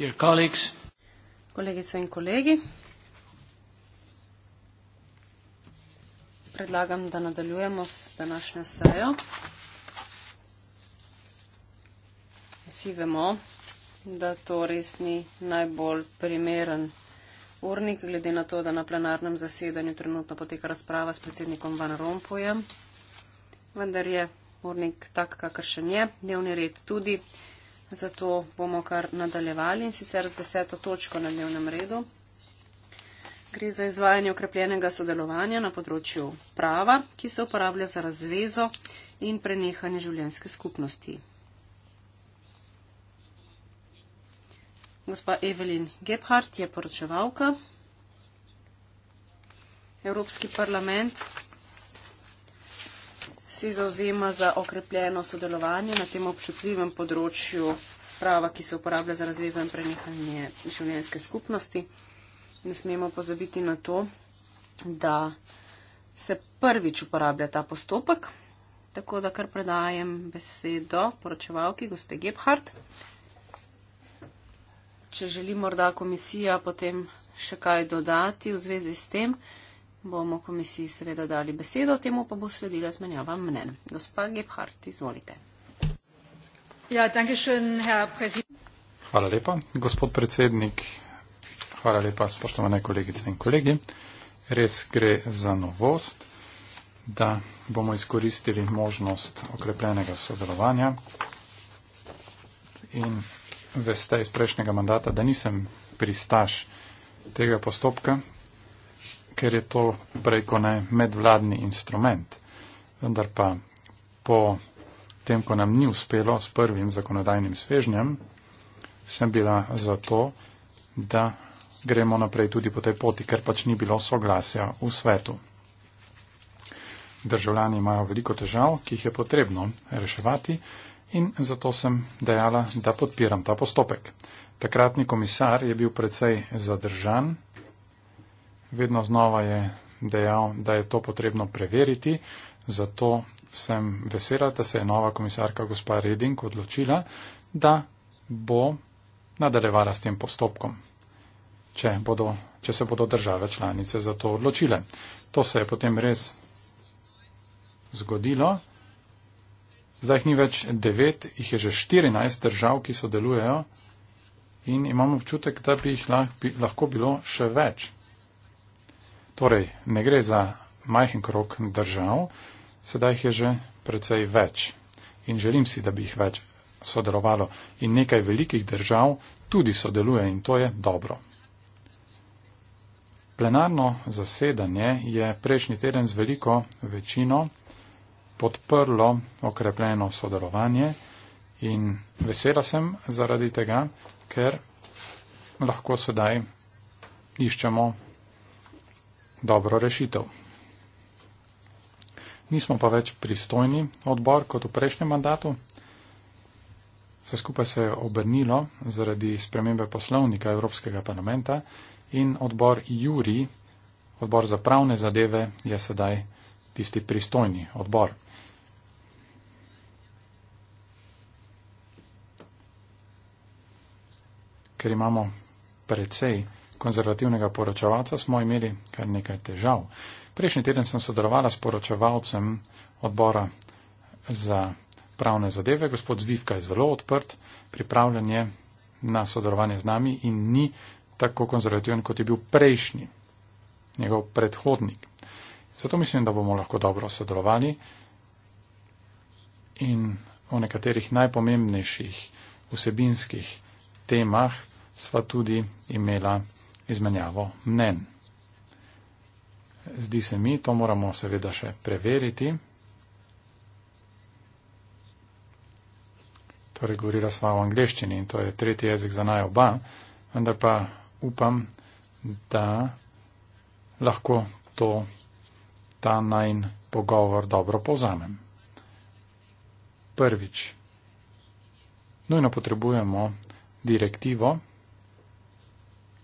Kolegice in kolegi, predlagam, da nadaljujemo s današnjo sejo. Vsi vemo, da to res ni najbolj primeren urnik, glede na to, da na plenarnem zasedanju trenutno poteka razprava s predsednikom Van Rompujem. Vendar je urnik tak, kakršen je, dnevni red tudi zato bomo kar nadaljevali in sicer z deseto točko na dnevnem redu. Gre za izvajanje ukrepljenega sodelovanja na področju prava, ki se uporablja za razvezo in prenehanje življenske skupnosti. Gospa Evelin Gebhardt je poročevalka. Evropski parlament se zauzema za okrepljeno sodelovanje na tem občutljivem področju prava, ki se uporablja za razvezo in prenehanje življenjske skupnosti. Ne smemo pozabiti na to, da se prvič uporablja ta postopek, tako da kar predajem besedo poročevalki gospe Gebhardt. Če želi morda komisija potem še kaj dodati v zvezi s tem, bomo komisiji seveda dali besedo, temu pa bo sledila zmenjava mnen. Gospa Gebhardt, izvolite. Ja, schön, hvala lepa, gospod predsednik. Hvala lepa, spoštovane kolegice in kolegi. Res gre za novost, da bomo izkoristili možnost okrepljenega sodelovanja. In veste iz prejšnjega mandata, da nisem pristaš tega postopka, ker je to preko ne medvladni instrument. Vendar pa po tem, ko nam ni uspelo s prvim zakonodajnim svežnjem, sem bila za to, da gremo naprej tudi po tej poti, ker pač ni bilo soglasja v svetu. Državljani imajo veliko težav, ki jih je potrebno reševati in zato sem dejala, da podpiram ta postopek. Takratni komisar je bil precej zadržan, vedno znova je dejal, da je to potrebno preveriti, zato sem vesela, da se je nova komisarka gospa Reding odločila, da bo nadaljevala s tem postopkom, če, bodo, če se bodo države članice za to odločile. To se je potem res zgodilo. Zdaj jih ni več devet, jih je že 14 držav, ki sodelujejo in imamo občutek, da bi jih lahko bilo še več. Torej, ne gre za majhen krok držav, sedaj jih je že precej več in želim si, da bi jih več sodelovalo in nekaj velikih držav tudi sodeluje in to je dobro. Plenarno zasedanje je prejšnji teden z veliko večino podprlo okrepljeno sodelovanje in vesela sem zaradi tega, ker lahko sedaj iščemo dobro rešitev. Nismo pa več pristojni odbor kot v prejšnjem mandatu. Vse skupaj se je obrnilo zaradi spremembe poslovnika Evropskega parlamenta in odbor Juri, odbor za pravne zadeve, je sedaj tisti pristojni odbor. Ker imamo precej konzervativnega poročevalca smo imeli kar nekaj težav. Prejšnji teden sem sodelovala s poročevalcem odbora za pravne zadeve. Gospod Zvivka je zelo odprt, pripravljen je na sodelovanje z nami in ni tako konzervativen, kot je bil prejšnji, njegov predhodnik. Zato mislim, da bomo lahko dobro sodelovali in o nekaterih najpomembnejših vsebinskih temah sva tudi imela izmenjavo mnen. Zdi se mi, to moramo seveda še preveriti. Torej, govorila sva v angleščini in to je tretji jezik za naj oba, vendar pa upam, da lahko to, ta najn pogovor dobro povzamem. Prvič. Nujno potrebujemo direktivo,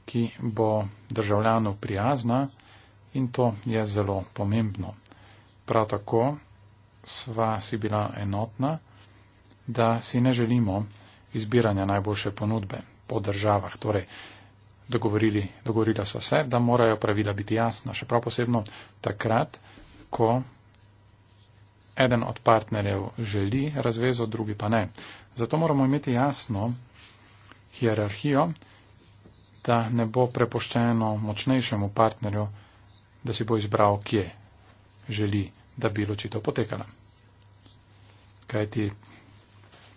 ki bo državljanu prijazna in to je zelo pomembno. Prav tako sva si bila enotna, da si ne želimo izbiranja najboljše ponudbe po državah. Torej, dogovorili, dogovorila so se, da morajo pravila biti jasna, še prav posebno takrat, ko eden od partnerjev želi razvezo, drugi pa ne. Zato moramo imeti jasno hierarhijo, da ne bo prepoščeno močnejšemu partnerju, da si bo izbral, kje želi, da bi ločitev potekala. Kaj ti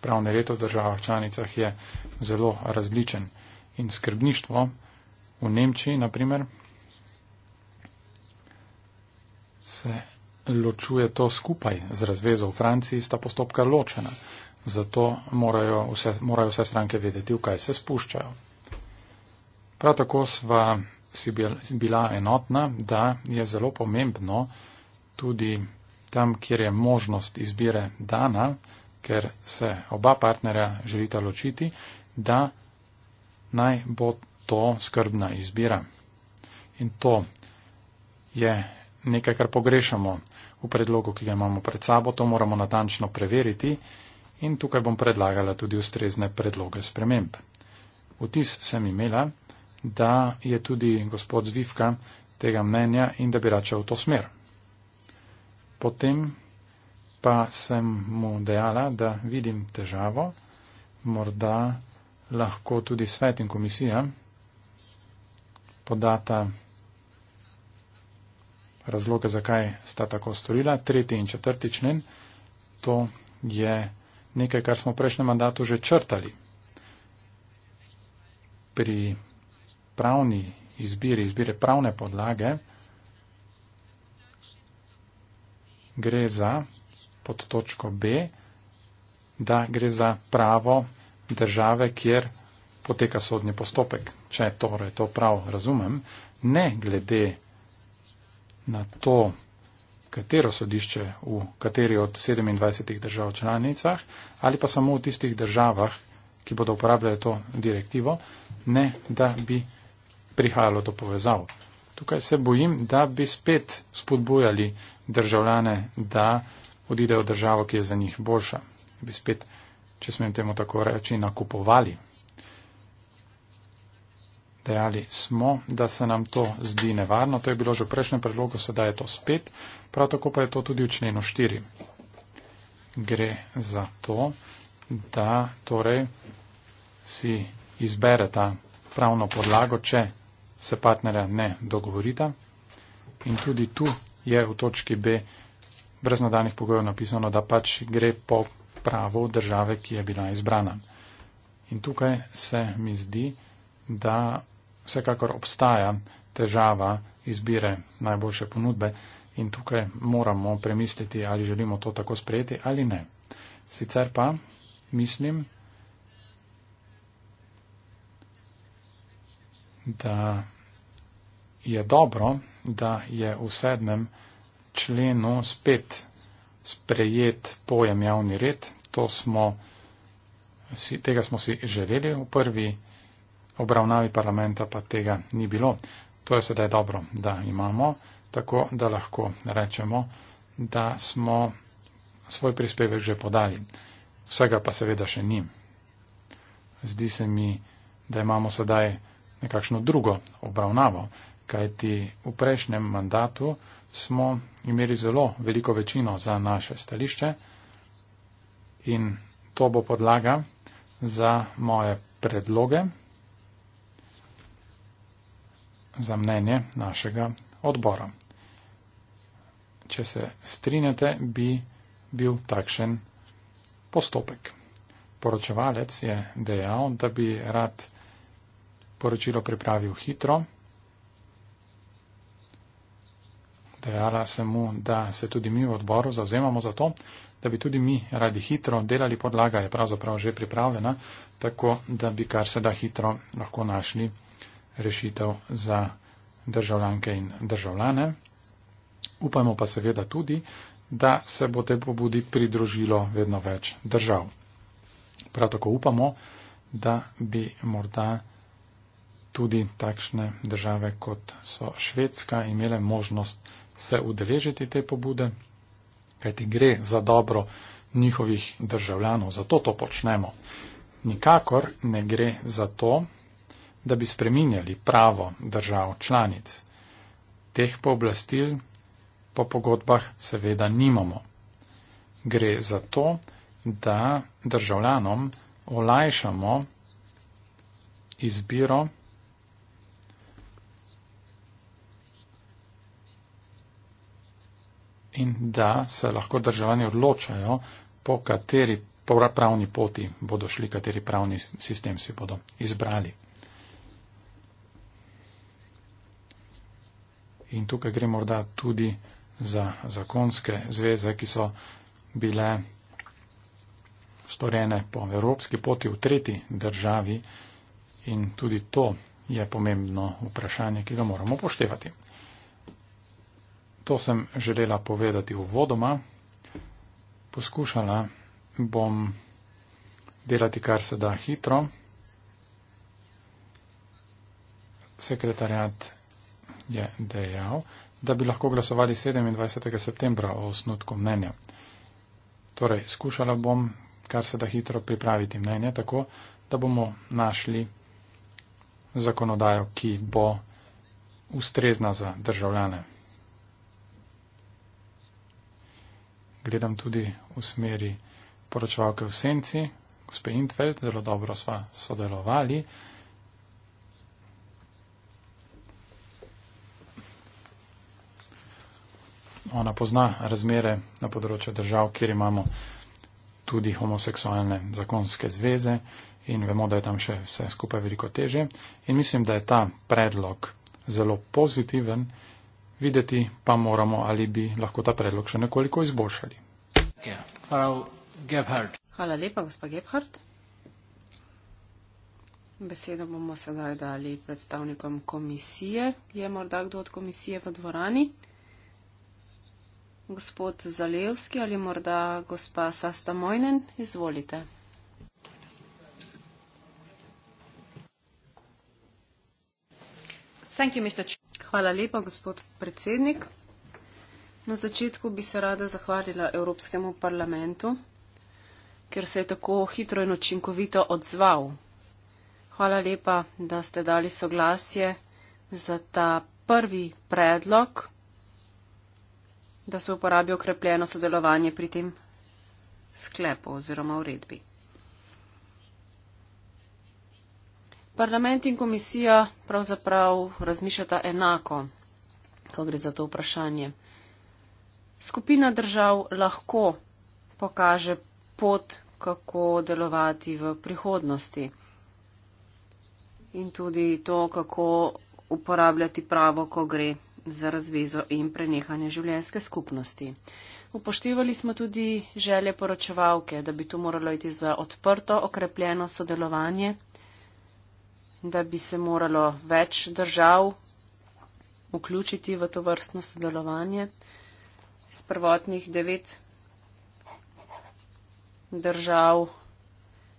pravne leto v državah članicah je zelo različen in skrbništvo v Nemčiji, na primer, se ločuje to skupaj z razvezo v Franciji, sta postopka ločena. Zato morajo vse, morajo vse stranke vedeti, v kaj se spuščajo. Prav tako sva si bila enotna, da je zelo pomembno tudi tam, kjer je možnost izbire dana, ker se oba partnerja želita ločiti, da naj bo to skrbna izbira. In to je nekaj, kar pogrešamo v predlogu, ki ga imamo pred sabo, to moramo natančno preveriti in tukaj bom predlagala tudi ustrezne predloge sprememb. Vtis sem imela, da je tudi gospod Zvivka tega mnenja in da bi račal v to smer. Potem pa sem mu dejala, da vidim težavo, morda lahko tudi svet in komisija podata razloge, zakaj sta tako storila. Tretji in četrti člen, to je nekaj, kar smo v prejšnjem mandatu že črtali. Pri pravni izbiri, izbire pravne podlage, gre za pod točko B, da gre za pravo države, kjer poteka sodni postopek, če torej to prav razumem, ne glede na to, katero sodišče v kateri od 27 držav članicah ali pa samo v tistih državah, ki bodo uporabljali to direktivo, ne da bi prihajalo do povezav. Tukaj se bojim, da bi spet spodbujali državljane, da odidejo v državo, ki je za njih boljša. Bi spet, če smem temu tako reči, nakupovali. Dejali smo, da se nam to zdi nevarno, to je bilo že v prejšnjem predlogu, sedaj je to spet, prav tako pa je to tudi v členu 4. Gre za to, da torej si izbere ta pravno podlago, če se partnerja ne dogovorita. In tudi tu je v točki B brez nadaljnih pogojev napisano, da pač gre po pravo države, ki je bila izbrana. In tukaj se mi zdi, da vsekakor obstaja težava izbire najboljše ponudbe in tukaj moramo premisliti, ali želimo to tako sprejeti ali ne. Sicer pa mislim, da je dobro, da je v sedmem členu spet sprejet pojem javni red. Smo, tega smo si želeli v prvi obravnavi parlamenta, pa tega ni bilo. To je sedaj dobro, da imamo, tako da lahko rečemo, da smo svoj prispevek že podali. Vsega pa seveda še ni. Zdi se mi, da imamo sedaj nekakšno drugo obravnavo, kajti v prejšnjem mandatu smo imeli zelo veliko večino za naše stališče in to bo podlaga za moje predloge, za mnenje našega odbora. Če se strinjate, bi bil takšen postopek. Poročevalec je dejal, da bi rad poročilo pripravil hitro. Dejala sem mu, da se tudi mi v odboru zauzemamo za to, da bi tudi mi radi hitro delali podlaga, je pravzaprav že pripravljena, tako da bi kar se da hitro lahko našli rešitev za državljanke in državljane. Upamo pa seveda tudi, da se bo te pobudi pridružilo vedno več držav. Prav tako upamo, da bi morda tudi takšne države, kot so Švedska, imele možnost se udeležiti te pobude, kajti gre za dobro njihovih državljanov, zato to počnemo. Nikakor ne gre za to, da bi spreminjali pravo držav članic. Teh pooblastil po pogodbah seveda nimamo. Gre za to, da državljanom olajšamo izbiro in da se lahko državljani odločajo, po kateri pravni poti bodo šli, kateri pravni sistem si bodo izbrali. In tukaj gre morda tudi za zakonske zveze, ki so bile storjene po evropski poti v tretji državi. In tudi to je pomembno vprašanje, ki ga moramo poštevati to sem želela povedati uvodoma. Poskušala bom delati kar se da hitro. Sekretarjat je dejal, da bi lahko glasovali 27. septembra o osnutku mnenja. Torej, skušala bom kar se da hitro pripraviti mnenje tako, da bomo našli zakonodajo, ki bo ustrezna za državljane. gledam tudi v smeri poročevalke v senci, gospe Intveld, zelo dobro sva sodelovali. Ona pozna razmere na področju držav, kjer imamo tudi homoseksualne zakonske zveze in vemo, da je tam še vse skupaj veliko teže. In mislim, da je ta predlog zelo pozitiven videti pa moramo, ali bi lahko ta predlog še nekoliko izboljšali. Hvala lepa, gospa Gebhardt. Besedo bomo sedaj dali predstavnikom komisije. Je morda kdo od komisije v dvorani? Gospod Zalevski ali morda gospa Sasta Mojnen, izvolite. Thank you, Mr. Chairman. Hvala lepa, gospod predsednik. Na začetku bi se rada zahvalila Evropskemu parlamentu, ker se je tako hitro in očinkovito odzval. Hvala lepa, da ste dali soglasje za ta prvi predlog, da se uporabi okrepljeno sodelovanje pri tem sklepu oziroma uredbi. Parlament in komisija pravzaprav razmišljata enako, ko gre za to vprašanje. Skupina držav lahko pokaže pot, kako delovati v prihodnosti in tudi to, kako uporabljati pravo, ko gre za razvezo in prenehanje življenjske skupnosti. Upoštevali smo tudi želje poročevalke, da bi tu moralo iti za odprto, okrepljeno sodelovanje da bi se moralo več držav vključiti v to vrstno sodelovanje. Z prvotnih devet držav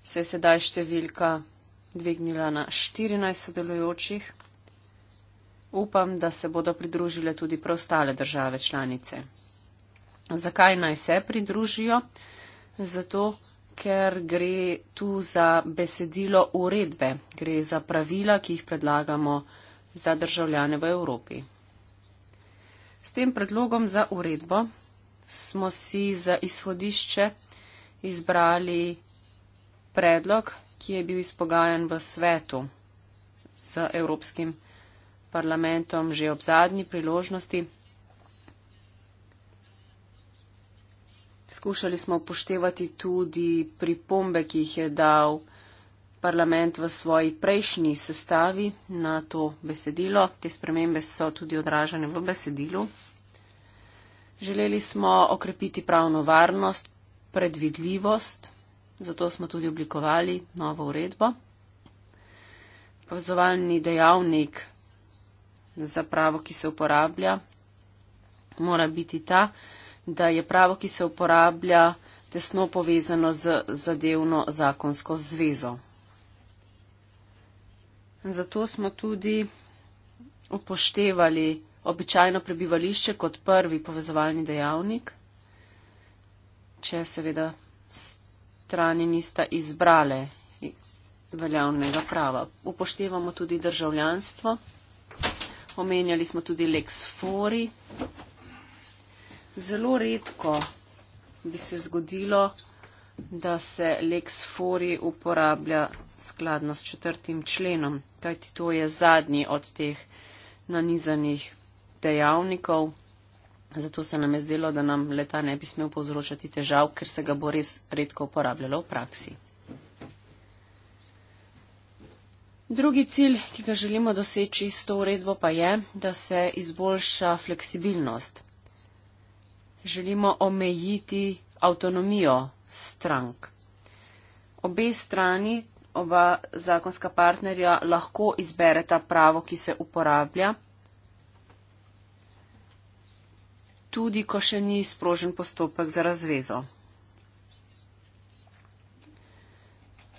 se je sedaj številka dvignila na 14 sodelujočih. Upam, da se bodo pridružile tudi preostale države članice. Zakaj naj se pridružijo? Zato, ker gre tu za besedilo uredbe, gre za pravila, ki jih predlagamo za državljane v Evropi. S tem predlogom za uredbo smo si za izhodišče izbrali predlog, ki je bil izpogajan v svetu z Evropskim parlamentom že ob zadnji priložnosti skušali smo upoštevati tudi pripombe, ki jih je dal parlament v svoji prejšnji sestavi na to besedilo. Te spremembe so tudi odražene v besedilu. Želeli smo okrepiti pravno varnost, predvidljivost, zato smo tudi oblikovali novo uredbo. Povzovalni dejavnik za pravo, ki se uporablja, mora biti ta, da je pravo, ki se uporablja, tesno povezano z zadevno zakonsko zvezo. Zato smo tudi upoštevali običajno prebivališče kot prvi povezovalni dejavnik, če seveda strani nista izbrale veljavnega prava. Upoštevamo tudi državljanstvo. Omenjali smo tudi Lex Fori, zelo redko bi se zgodilo, da se lex fori uporablja skladno s četrtim členom, kajti to je zadnji od teh nanizanih dejavnikov. Zato se nam je zdelo, da nam leta ne bi smel povzročati težav, ker se ga bo res redko uporabljalo v praksi. Drugi cilj, ki ga želimo doseči s to uredbo, pa je, da se izboljša fleksibilnost želimo omejiti avtonomijo strank. Obe strani, oba zakonska partnerja lahko izbereta pravo, ki se uporablja, tudi ko še ni sprožen postopek za razvezo.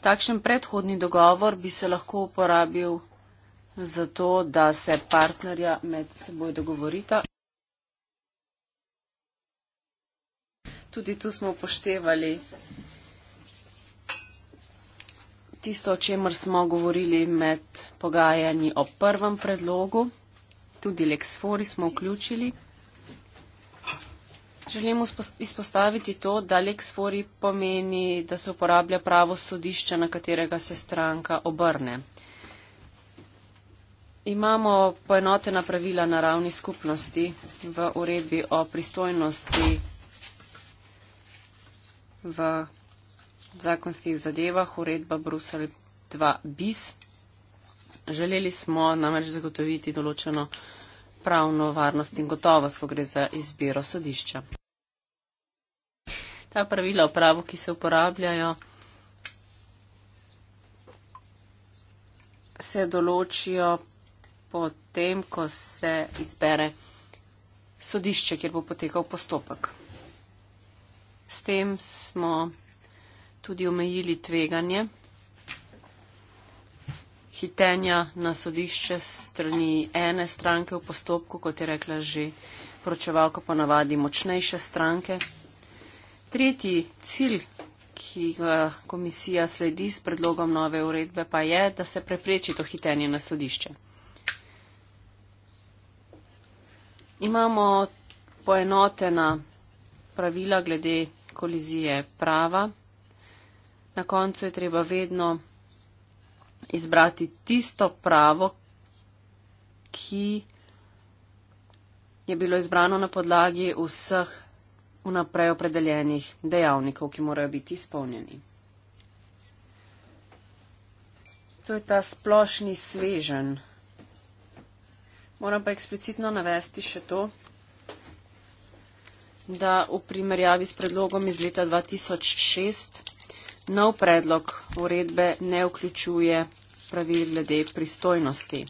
Takšen predhodni dogovor bi se lahko uporabil zato, da se partnerja med seboj dogovorita. tudi tu smo poštevali tisto, o čemer smo govorili med pogajanji o prvem predlogu. Tudi leksfori smo vključili. Želim izpostaviti to, da leksfori pomeni, da se uporablja pravo sodišče, na katerega se stranka obrne. Imamo poenotena pravila na ravni skupnosti v uredbi o pristojnosti v zakonskih zadevah uredba Brusel 2 bis. Želeli smo namreč zagotoviti določeno pravno varnost in gotovost, ko gre za izbiro sodišča. Ta pravila o pravu, ki se uporabljajo, se določijo potem, ko se izbere sodišče, kjer bo potekal postopek. S tem smo tudi omejili tveganje hitenja na sodišče strani ene stranke v postopku, kot je rekla že poročevalka ponavadi močnejše stranke. Tretji cilj, ki ga komisija sledi s predlogom nove uredbe, pa je, da se prepreči to hitenje na sodišče. Imamo poenotena pravila glede kolizije prava. Na koncu je treba vedno izbrati tisto pravo, ki je bilo izbrano na podlagi vseh vnaprej opredeljenih dejavnikov, ki morajo biti izpolnjeni. To je ta splošni svežen. Moram pa eksplicitno navesti še to, da v primerjavi s predlogom iz leta 2006 nov predlog uredbe ne vključuje pravil glede pristojnosti.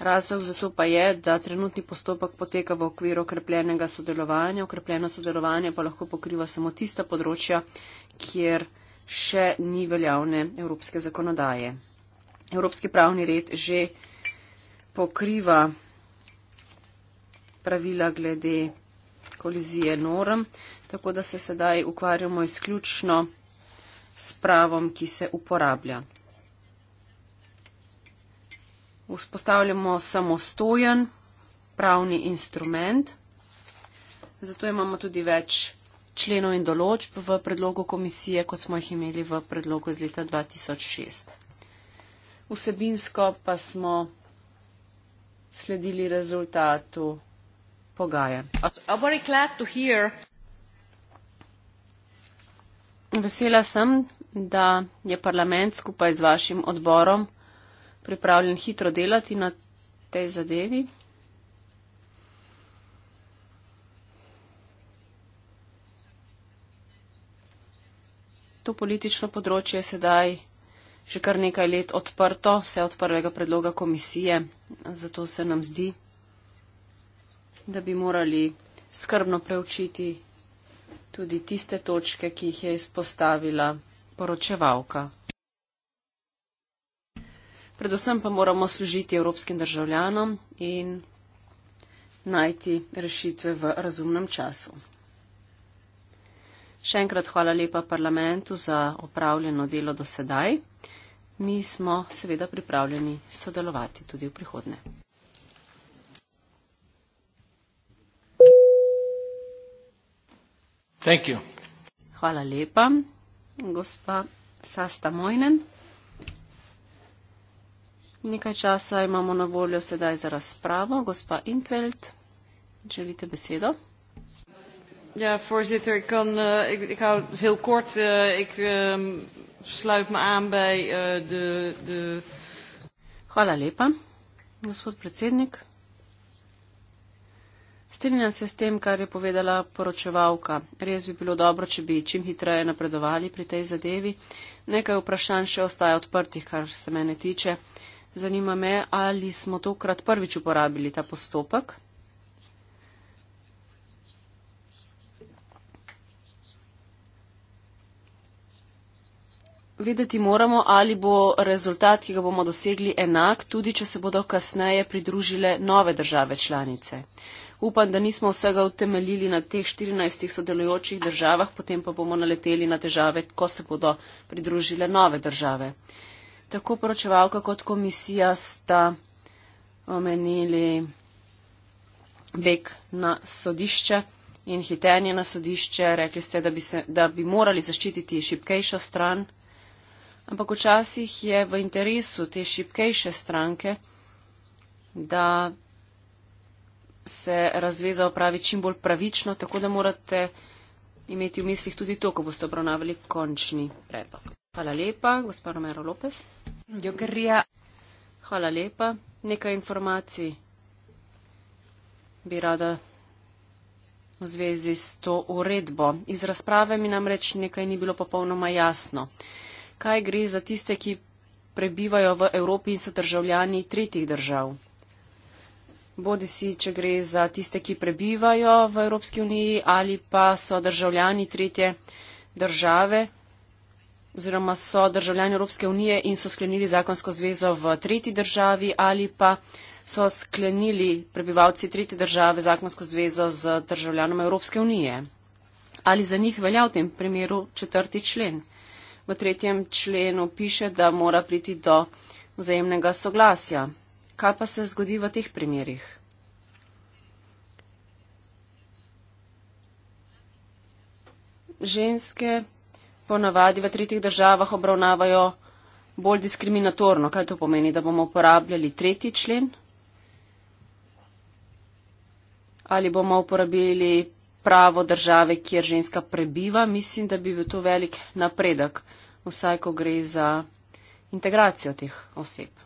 Razlog za to pa je, da trenutni postopek poteka v okviru okrepljenega sodelovanja. Okrepljeno sodelovanje pa lahko pokriva samo tista področja, kjer še ni veljavne evropske zakonodaje. Evropski pravni red že pokriva pravila glede kolizije norm, tako da se sedaj ukvarjamo izključno s pravom, ki se uporablja. Vzpostavljamo samostojen pravni instrument, zato imamo tudi več členov in določb v predlogu komisije, kot smo jih imeli v predlogu iz leta 2006. Vsebinsko pa smo sledili rezultatu pogajanj. Vesela sem, da je parlament skupaj z vašim odborom pripravljen hitro delati na tej zadevi. To politično področje je sedaj že kar nekaj let odprto, vse od prvega predloga komisije, zato se nam zdi da bi morali skrbno preučiti tudi tiste točke, ki jih je izpostavila poročevalka. Predvsem pa moramo služiti evropskim državljanom in najti rešitve v razumnem času. Še enkrat hvala lepa parlamentu za opravljeno delo do sedaj. Mi smo seveda pripravljeni sodelovati tudi v prihodne. Hvala lepa. Gospa Sasta Mojnen. Nekaj časa imamo na voljo sedaj za razpravo. Gospa Intveld, želite besedo? Ja, voorzitter, ik, kan, uh, ik, ik hou het heel kort. Uh, ik um, sluit me aan bij uh, de, de. Hvala lepa, gospod predsednik. Strinjam se s tem, kar je povedala poročevalka. Res bi bilo dobro, če bi čim hitreje napredovali pri tej zadevi. Nekaj vprašanj še ostaja odprtih, kar se mene tiče. Zanima me, ali smo tokrat prvič uporabili ta postopek. Videti moramo, ali bo rezultat, ki ga bomo dosegli, enak, tudi če se bodo kasneje pridružile nove države članice. Upam, da nismo vsega utemeljili na teh 14 sodelujočih državah, potem pa bomo naleteli na težave, ko se bodo pridružile nove države. Tako poročevalka kot komisija sta omenili beg na sodišče in hitenje na sodišče. Rekli ste, da bi, se, da bi morali zaščititi šipkejšo stran, ampak včasih je v interesu te šipkejše stranke, da se razveza opravi čim bolj pravično, tako da morate imeti v mislih tudi to, ko boste obravnavali končni predlog. Hvala lepa, gospod Romero Lopes. Jogerija. Hvala lepa. Nekaj informacij bi rada v zvezi s to uredbo. Iz razprave mi namreč nekaj ni bilo popolnoma jasno. Kaj gre za tiste, ki prebivajo v Evropi in so državljani tretjih držav? bodi si, če gre za tiste, ki prebivajo v Evropski uniji ali pa so državljani tretje države oziroma so državljani Evropske unije in so sklenili zakonsko zvezo v tretji državi ali pa so sklenili prebivalci tretje države zakonsko zvezo z državljanom Evropske unije. Ali za njih velja v tem primeru četrti člen? V tretjem členu piše, da mora priti do vzajemnega soglasja. Kaj pa se zgodi v teh primerjih? Ženske ponavadi v tretjih državah obravnavajo bolj diskriminatorno. Kaj to pomeni, da bomo uporabljali tretji člen? Ali bomo uporabili pravo države, kjer ženska prebiva? Mislim, da bi bil to velik napredek, vsaj ko gre za integracijo teh oseb.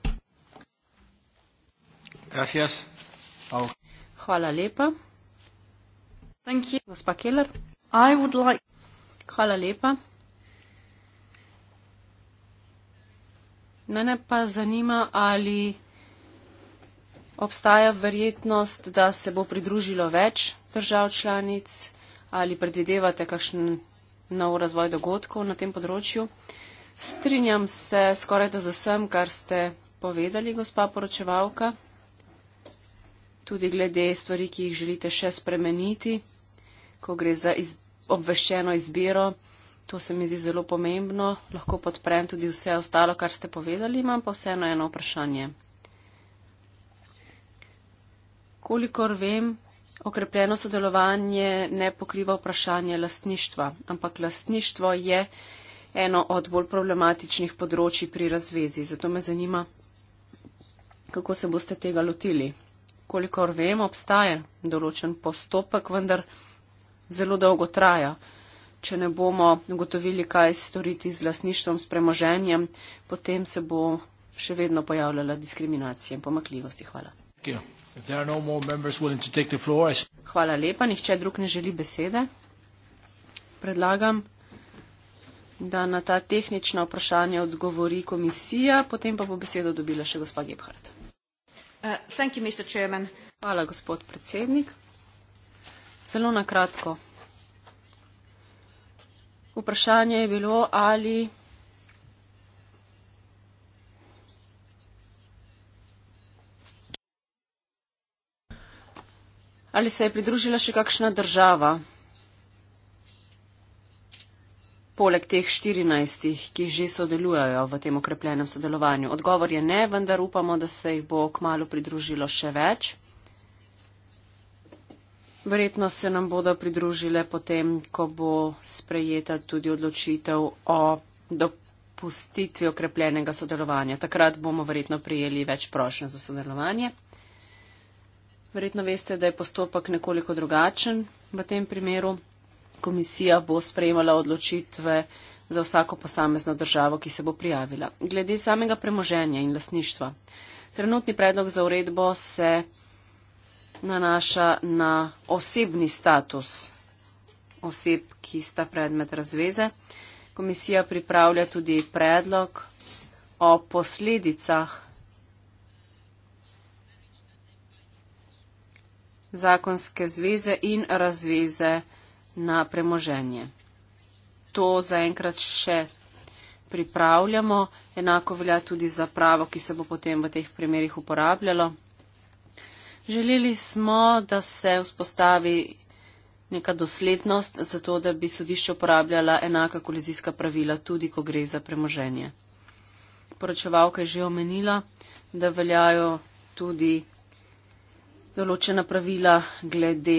Gracias. Au. Hvala lepa. Thank you. Gospa Keller. I would like... Hvala lepa. Mene pa zanima, ali obstaja verjetnost, da se bo pridružilo več držav članic, ali predvidevate kakšen nov razvoj dogodkov na tem področju. Strinjam se skoraj da z vsem, kar ste povedali, gospa poročevalka tudi glede stvari, ki jih želite še spremeniti, ko gre za iz, obveščeno izbiro. To se mi zdi zelo pomembno. Lahko podprem tudi vse ostalo, kar ste povedali, imam pa vseeno eno vprašanje. Kolikor vem, okrepljeno sodelovanje ne pokriva vprašanje lastništva, ampak lastništvo je eno od bolj problematičnih področji pri razvezi. Zato me zanima, kako se boste tega lotili kolikor vem, obstaja določen postopek, vendar zelo dolgo traja. Če ne bomo ugotovili, kaj storiti z lasništvom, s premoženjem, potem se bo še vedno pojavljala diskriminacija in pomakljivosti. Hvala. No floor, I... Hvala lepa. Nihče drug ne želi besede. Predlagam, da na ta tehnična vprašanja odgovori komisija, potem pa bo besedo dobila še gospa Gebhardt. Uh, Hvala, gospod predsednik. Zelo nakratko. Vprašanje je bilo, ali ali se je pridružila še kakšna država poleg teh 14, ki že sodelujejo v tem okrepljenem sodelovanju? Odgovor je ne, vendar upamo, da se jih bo k malu pridružilo še več. Verjetno se nam bodo pridružile potem, ko bo sprejeta tudi odločitev o dopustitvi okrepljenega sodelovanja. Takrat bomo verjetno prijeli več prošen za sodelovanje. Verjetno veste, da je postopek nekoliko drugačen v tem primeru komisija bo sprejemala odločitve za vsako posamezno državo, ki se bo prijavila. Glede samega premoženja in lasništva. Trenutni predlog za uredbo se nanaša na osebni status oseb, ki sta predmet razveze. Komisija pripravlja tudi predlog o posledicah zakonske zveze in razveze na premoženje. To zaenkrat še pripravljamo, enako velja tudi za pravo, ki se bo potem v teh primerjih uporabljalo. Želeli smo, da se vzpostavi neka doslednost, zato da bi sodišče uporabljala enaka kolizijska pravila, tudi ko gre za premoženje. Poročevalka je že omenila, da veljajo tudi določena pravila glede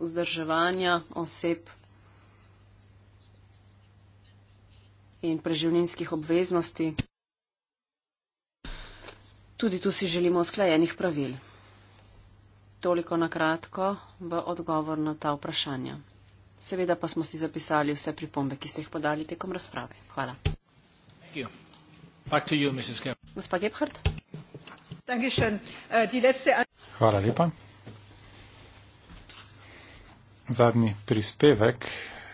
vzdrževanja oseb in preživninskih obveznosti. Tudi tu si želimo sklajenih pravil. Toliko na kratko v odgovor na ta vprašanja. Seveda pa smo si zapisali vse pripombe, ki ste jih podali tekom razprave. Hvala. Gospa Gebhardt. Äh, Hvala lepa zadnji prispevek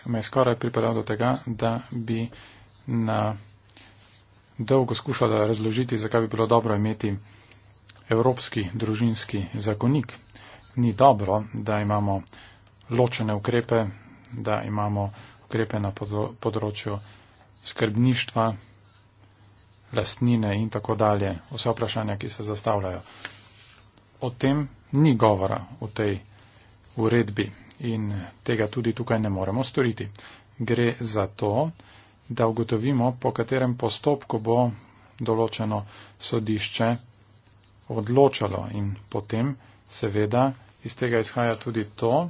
me je skoraj pripeljal do tega, da bi na dolgo skušala razložiti, zakaj bi bilo dobro imeti evropski družinski zakonik. Ni dobro, da imamo ločene ukrepe, da imamo ukrepe na področju skrbništva, lastnine in tako dalje, vse vprašanja, ki se zastavljajo. O tem ni govora v tej uredbi in tega tudi tukaj ne moremo storiti. Gre za to, da ugotovimo, po katerem postopku bo določeno sodišče odločalo in potem seveda iz tega izhaja tudi to,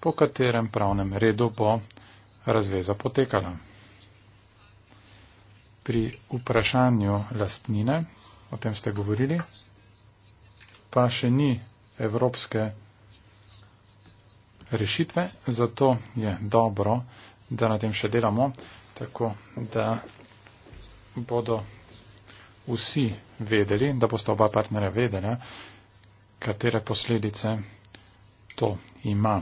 po katerem pravnem redu bo razveza potekala. Pri vprašanju lastnine, o tem ste govorili, pa še ni Evropske rešitve, zato je dobro, da na tem še delamo, tako da bodo vsi vedeli, da bosta oba partnerja vedela, katere posledice to ima,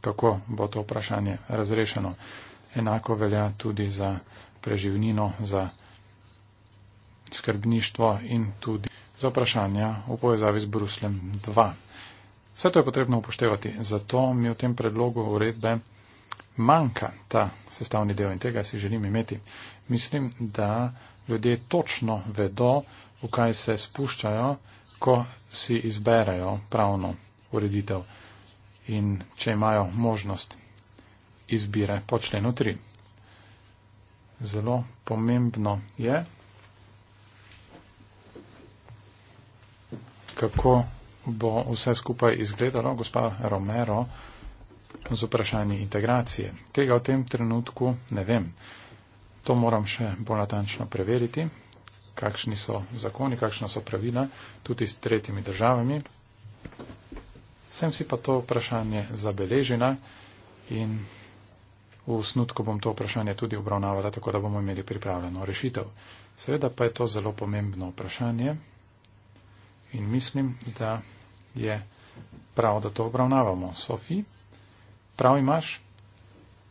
kako bo to vprašanje razrešeno. Enako velja tudi za preživnino, za skrbništvo in tudi za vprašanja v povezavi z Bruslem 2. Vse to je potrebno upoštevati, zato mi v tem predlogu uredbe manjka ta sestavni del in tega si želim imeti. Mislim, da ljudje točno vedo, v kaj se spuščajo, ko si izberajo pravno ureditev in če imajo možnost izbire po členu 3. Zelo pomembno je, kako bo vse skupaj izgledalo, gospa Romero, z vprašanji integracije. Tega v tem trenutku ne vem. To moram še bolj natančno preveriti, kakšni so zakoni, kakšna so pravila, tudi s tretjimi državami. Sem si pa to vprašanje zabeležila in v snutku bom to vprašanje tudi obravnavala, tako da bomo imeli pripravljeno rešitev. Seveda pa je to zelo pomembno vprašanje in mislim, da je prav, da to obravnavamo. Sofi, prav imaš,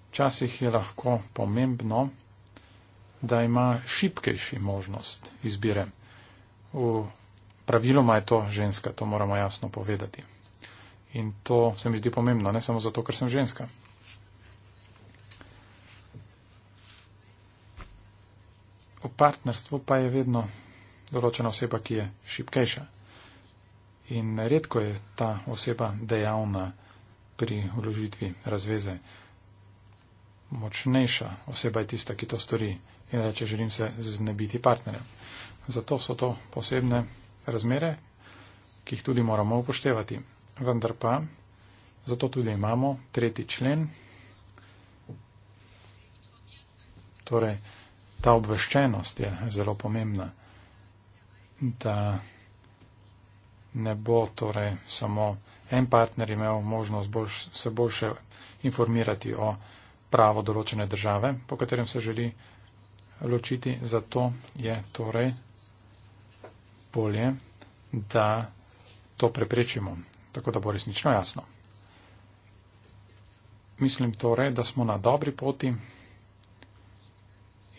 včasih je lahko pomembno, da ima šipkejši možnost izbire. V praviloma je to ženska, to moramo jasno povedati. In to se mi zdi pomembno, ne samo zato, ker sem ženska. V partnerstvu pa je vedno določena oseba, ki je šipkejša in redko je ta oseba dejavna pri vložitvi razveze. Močnejša oseba je tista, ki to stori in reče, želim se znebiti partnerja. Zato so to posebne razmere, ki jih tudi moramo upoštevati. Vendar pa, zato tudi imamo tretji člen, torej ta obveščenost je zelo pomembna, da ne bo torej samo en partner imel možnost bolj, se boljše informirati o pravo določene države, po katerem se želi ločiti. Zato je torej bolje, da to preprečimo, tako da bo resnično jasno. Mislim torej, da smo na dobri poti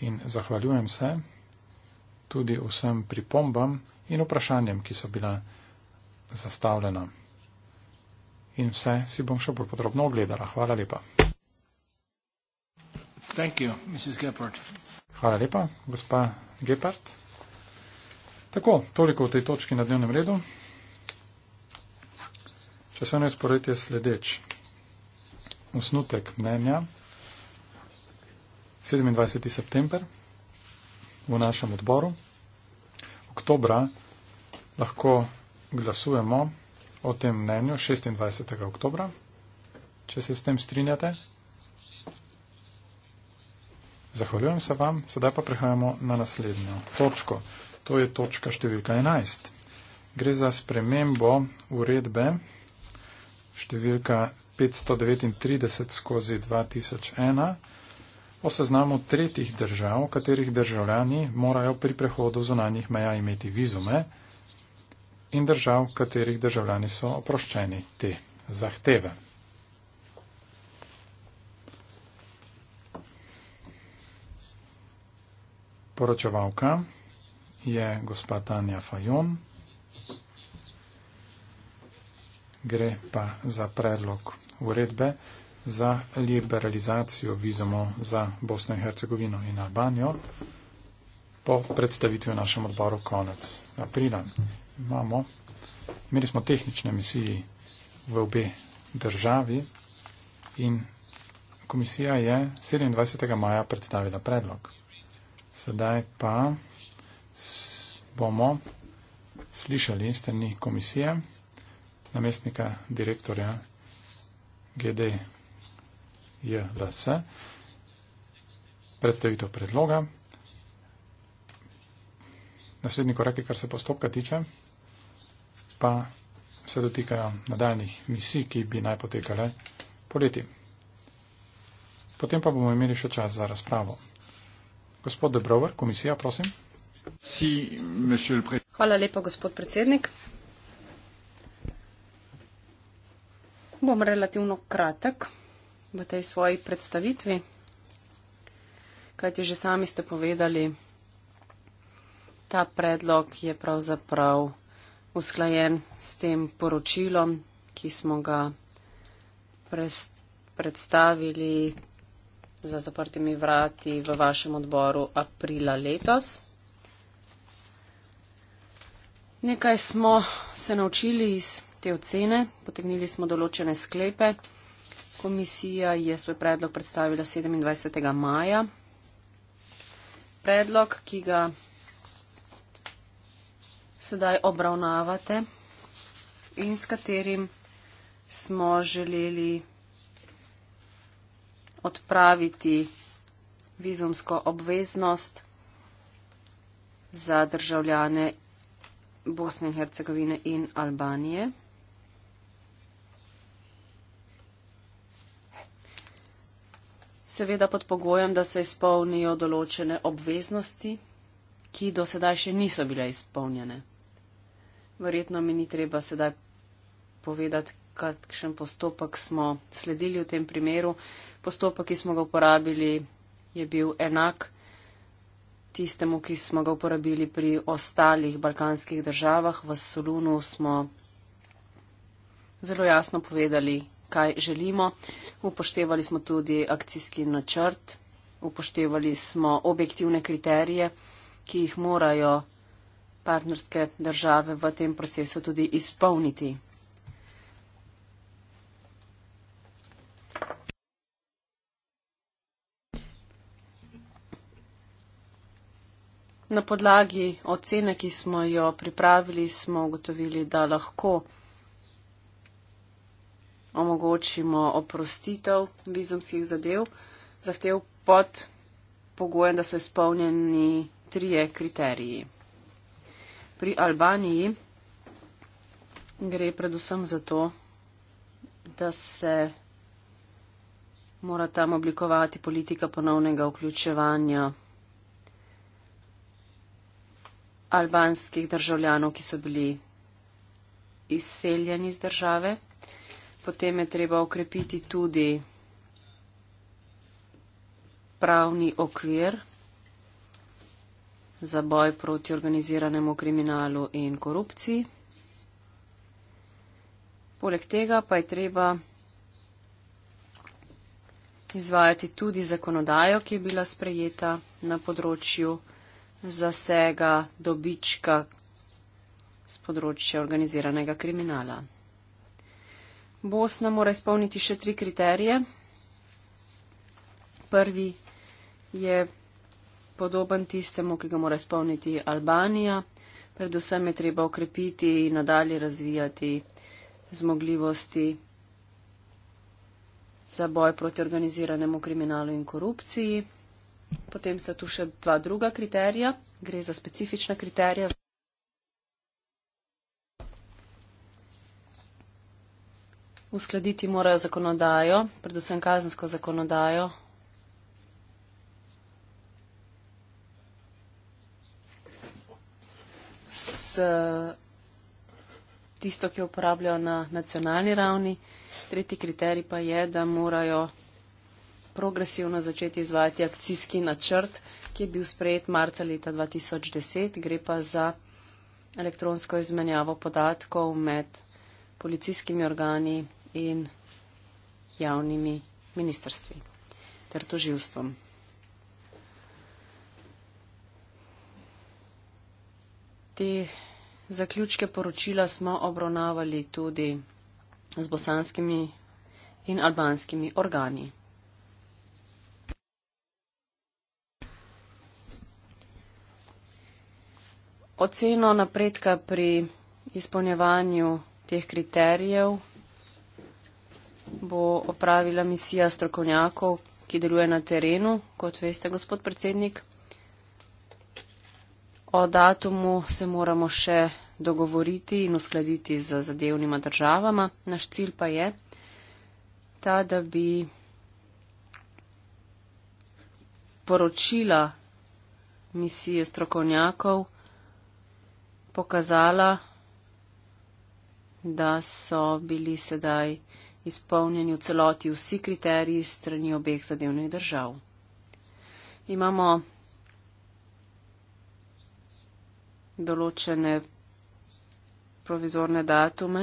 in zahvaljujem se tudi vsem pripombam in vprašanjem, ki so bila zastavljena. In vse si bom še bolj podrobno ogledala. Hvala lepa. You, Hvala lepa, gospa Gepard. Tako, toliko v tej točki na dnevnem redu. Časovno izpored je sledeč. Osnutek mnenja. 27. september v našem odboru. Oktobra lahko glasujemo o tem mnenju 26. oktobra, če se s tem strinjate. Zahvaljujem se vam, sedaj pa prehajamo na naslednjo točko. To je točka številka 11. Gre za spremembo uredbe številka 539 skozi 2001 o seznamu tretjih držav, katerih državljani morajo pri prehodu zunanjih meja imeti vizume in držav, katerih državljani so oproščeni te zahteve. Poročevalka je gospa Tanja Fajon. Gre pa za predlog uredbe za liberalizacijo vizumov za Bosno in Hercegovino in Albanijo po predstavitvi v našem odboru konec aprila imamo. Imeli smo tehnične misije v obe državi in komisija je 27. maja predstavila predlog. Sedaj pa bomo slišali strani komisije namestnika direktorja GD JLS predstavitev predloga. Naslednji korak je, kar se postopka tiče pa se dotikajo nadaljnih misij, ki bi naj potekale poleti. Potem pa bomo imeli še čas za razpravo. Gospod Debrover, komisija, prosim. Hvala lepa, gospod predsednik. Bom relativno kratek v tej svoji predstavitvi, kajti že sami ste povedali, ta predlog je pravzaprav. Prav usklajen s tem poročilom, ki smo ga predstavili za zaprtimi vrati v vašem odboru aprila letos. Nekaj smo se naučili iz te ocene, potegnili smo določene sklepe. Komisija je svoj predlog predstavila 27. maja. Predlog, ki ga sedaj obravnavate in s katerim smo želeli odpraviti vizumsko obveznost za državljane Bosne in Hercegovine in Albanije. Seveda pod pogojem, da se izpolnijo določene obveznosti, ki do sedaj še niso bile izpolnjene. Verjetno mi ni treba sedaj povedati, kakšen postopek smo sledili v tem primeru. Postopek, ki smo ga uporabili, je bil enak tistemu, ki smo ga uporabili pri ostalih balkanskih državah. V Solunu smo zelo jasno povedali, kaj želimo. Upoštevali smo tudi akcijski načrt, upoštevali smo objektivne kriterije, ki jih morajo partnerske države v tem procesu tudi izpolniti. Na podlagi ocene, ki smo jo pripravili, smo ugotovili, da lahko omogočimo oprostitev vizumskih zadev, zahtev pod pogojem, da so izpolnjeni trije kriteriji pri Albaniji gre predvsem za to, da se mora tam oblikovati politika ponovnega vključevanja albanskih državljanov, ki so bili izseljeni iz države. Potem je treba okrepiti tudi pravni okvir za boj proti organiziranemu kriminalu in korupciji. Poleg tega pa je treba izvajati tudi zakonodajo, ki je bila sprejeta na področju zasega dobička z področja organiziranega kriminala. Bosna mora izpolniti še tri kriterije. Prvi je podoben tistemu, ki ga mora spolniti Albanija. Predvsem je treba okrepiti in nadalje razvijati zmogljivosti za boj proti organiziranemu kriminalu in korupciji. Potem sta tu še dva druga kriterija. Gre za specifična kriterija. Uskladiti morajo zakonodajo, predvsem kazensko zakonodajo, tisto, ki jo uporabljajo na nacionalni ravni. Tretji kriterij pa je, da morajo progresivno začeti izvajati akcijski načrt, ki je bil sprejet marca leta 2010. Gre pa za elektronsko izmenjavo podatkov med policijskimi organi in javnimi ministrstvi ter toživstvom. te zaključke poročila smo obravnavali tudi z bosanskimi in albanskimi organi. Oceno napredka pri izpolnjevanju teh kriterijev bo opravila misija strokovnjakov, ki deluje na terenu, kot veste, gospod predsednik. O datumu se moramo še dogovoriti in uskladiti z zadevnima državama. Naš cilj pa je ta, da bi poročila misije strokovnjakov pokazala, da so bili sedaj izpolnjeni v celoti vsi kriteriji strani obeh zadevnih držav. Imamo določene provizorne datume.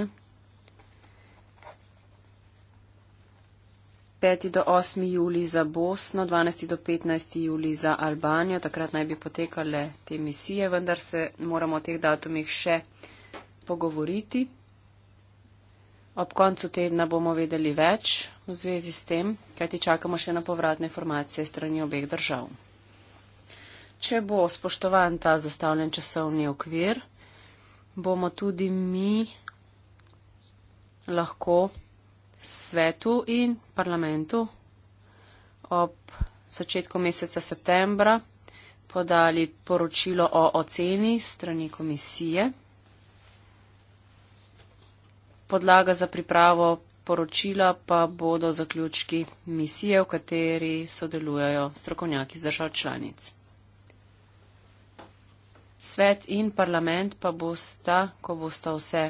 5. do 8. juli za Bosno, 12. do 15. juli za Albanijo, takrat naj bi potekale te misije, vendar se moramo o teh datumih še pogovoriti. Ob koncu tedna bomo vedeli več v zvezi s tem, kajti čakamo še na povratne informacije strani obeh držav če bo spoštovan ta zastavljen časovni okvir, bomo tudi mi lahko svetu in parlamentu ob začetku meseca septembra podali poročilo o oceni strani komisije. Podlaga za pripravo poročila pa bodo zaključki misije, v kateri sodelujejo strokovnjaki z držav članic. Svet in parlament pa bosta, ko bosta vse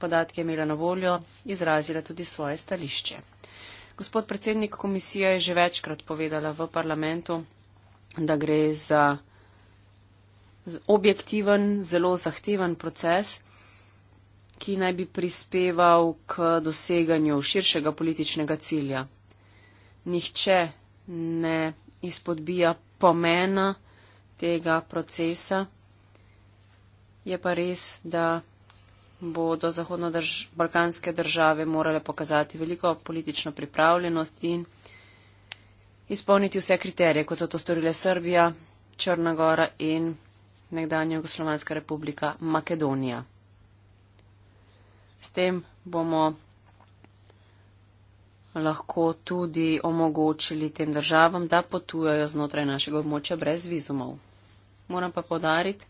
podatke imela na voljo, izrazila tudi svoje stališče. Gospod predsednik komisije je že večkrat povedala v parlamentu, da gre za objektiven, zelo zahteven proces, ki naj bi prispeval k doseganju širšega političnega cilja. Nihče ne izpodbija pomena tega procesa. Je pa res, da bodo zahodno-balkanske drž države morale pokazati veliko politično pripravljenost in izpolniti vse kriterije, kot so to storile Srbija, Črnagora in nekdanja Jugoslovanska republika Makedonija. S tem bomo lahko tudi omogočili tem državam, da potujajo znotraj našega območja brez vizumov. Moram pa podariti,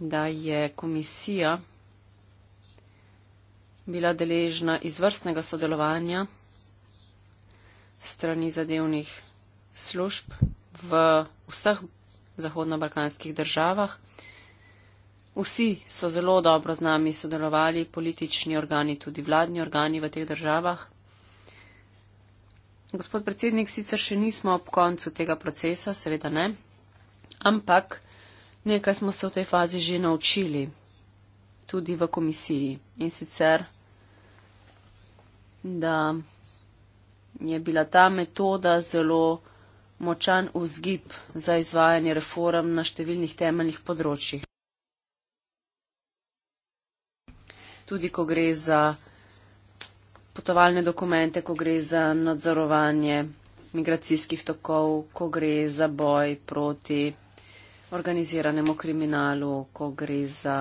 da je komisija bila deležna izvrstnega sodelovanja strani zadevnih služb v vseh zahodno-balkanskih državah. Vsi so zelo dobro z nami sodelovali, politični organi, tudi vladni organi v teh državah. Gospod predsednik, sicer še nismo ob koncu tega procesa, seveda ne, ampak Nekaj smo se v tej fazi že naučili, tudi v komisiji. In sicer, da je bila ta metoda zelo močan vzgib za izvajanje reform na številnih temeljnih področjih. Tudi, ko gre za potovalne dokumente, ko gre za nadzorovanje migracijskih tokov, ko gre za boj proti organiziranemu kriminalu, ko gre za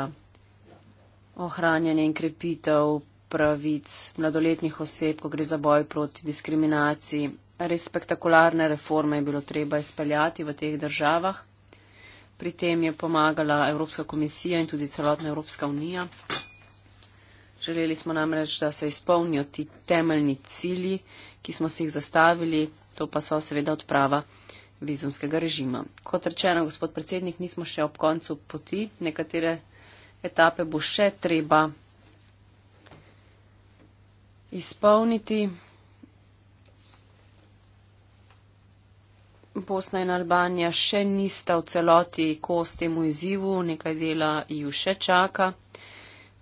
ohranjanje in krepitev pravic mladoletnih oseb, ko gre za boj proti diskriminaciji. Res spektakularne reforme je bilo treba izpeljati v teh državah. Pri tem je pomagala Evropska komisija in tudi celotna Evropska unija. Želeli smo namreč, da se izpolnijo ti temeljni cilji, ki smo si jih zastavili, to pa so seveda odprava vizumskega režima. Kot rečeno, gospod predsednik, nismo še ob koncu poti, nekatere etape bo še treba izpolniti. Bosna in Albanija še nista v celoti kos temu izzivu, nekaj dela ju še čaka.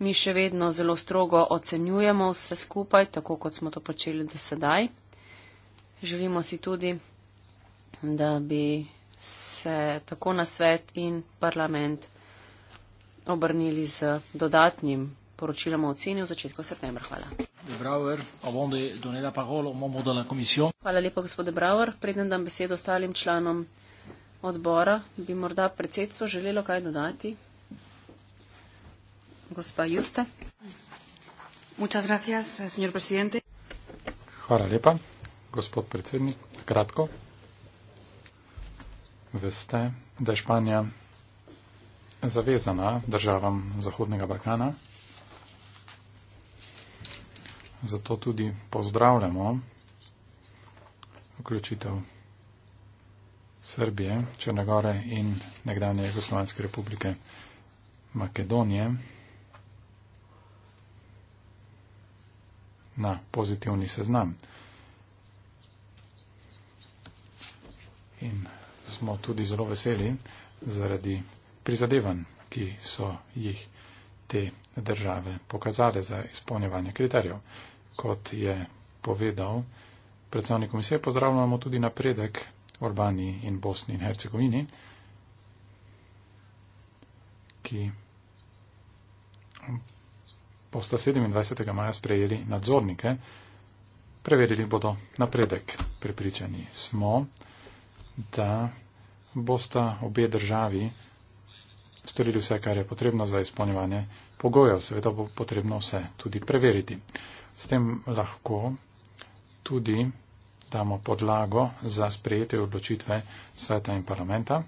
Mi še vedno zelo strogo ocenjujemo vse skupaj, tako kot smo to počeli do sedaj. Želimo si tudi da bi se tako na svet in parlament obrnili z dodatnim poročilom o oceni v začetku septembra. Hvala. Hvala lepa, gospod Brauer. Preden dam besedo ostalim članom odbora, bi morda predsedstvo želelo kaj dodati. Gospa Juste. Gracias, Hvala lepa, gospod predsednik. Kratko veste, da je Španija zavezana državam Zahodnega Balkana. Zato tudi pozdravljamo vključitev Srbije, Črne Gore in nekdanje Jugoslovanske republike Makedonije na pozitivni seznam. In smo tudi zelo veseli zaradi prizadevanj, ki so jih te države pokazale za izpolnjevanje kriterijev. Kot je povedal predstavnik komisije, pozdravljamo tudi napredek v Albaniji in Bosni in Hercegovini, ki posta 27. maja sprejeli nadzornike. Preverili bodo napredek, prepričani smo da bosta obe državi storili vse, kar je potrebno za izpolnjevanje pogojev. Seveda bo potrebno vse tudi preveriti. S tem lahko tudi damo podlago za sprejete odločitve sveta in parlamenta,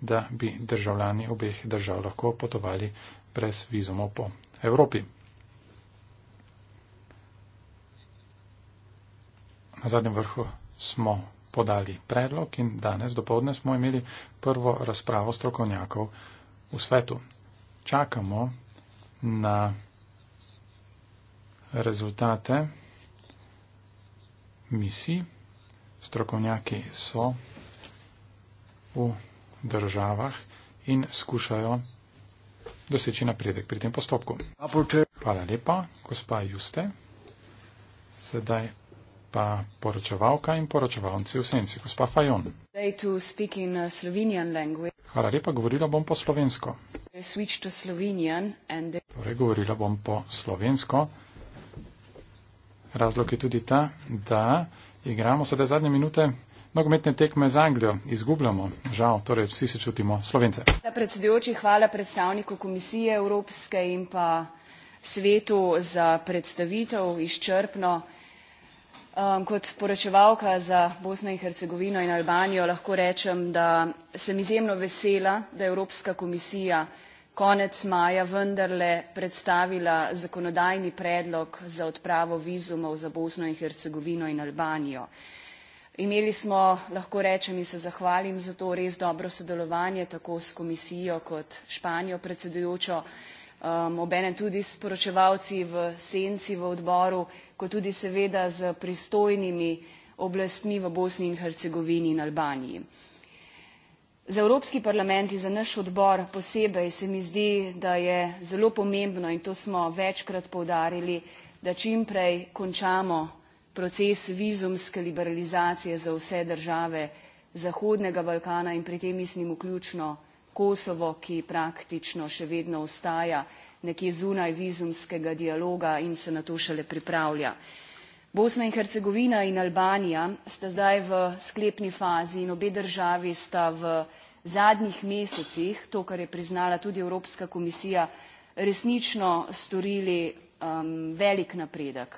da bi državljani obeh držav lahko potovali brez vizumov po Evropi. Na zadnjem vrhu smo podali predlog in danes do povdne smo imeli prvo razpravo strokovnjakov v svetu. Čakamo na rezultate misij. Strokovnjaki so v državah in skušajo doseči napredek pri tem postopku. Hvala lepa, gospa Juste. Sedaj pa poročevalka in poročevalci v senci, gospa Fajon. Uh, hvala lepa, govorila bom po slovensko. Torej, govorila bom po slovensko. Razlog je tudi ta, da igramo sedaj zadnje minute. Nogometne tekme z Anglijo izgubljamo, žal, torej vsi se čutimo slovence. Hvala predsedujoči, hvala predstavniku Komisije Evropske in pa svetu za predstavitev izčrpno. Um, kot poročevalka za Bosno in Hercegovino in Albanijo lahko rečem, da sem izjemno vesela, da je Evropska komisija konec maja vendarle predstavila zakonodajni predlog za odpravo vizumov za Bosno in Hercegovino in Albanijo. Imeli smo, lahko rečem in se zahvalim za to, res dobro sodelovanje tako s komisijo kot Španijo predsedujočo, um, obene tudi s poročevalci v senci v odboru kot tudi seveda z pristojnimi oblastmi v Bosni in Hercegovini in Albaniji. Za Evropski parlament in za naš odbor posebej se mi zdi, da je zelo pomembno in to smo večkrat povdarili, da čimprej končamo proces vizumske liberalizacije za vse države Zahodnega Balkana in pri tem mislim vključno Kosovo, ki praktično še vedno ostaja nekje zunaj vizumskega dialoga in se na to šele pripravlja. Bosna in Hercegovina in Albanija sta zdaj v sklepni fazi in obe državi sta v zadnjih mesecih, to kar je priznala tudi Evropska komisija, resnično storili um, velik napredek.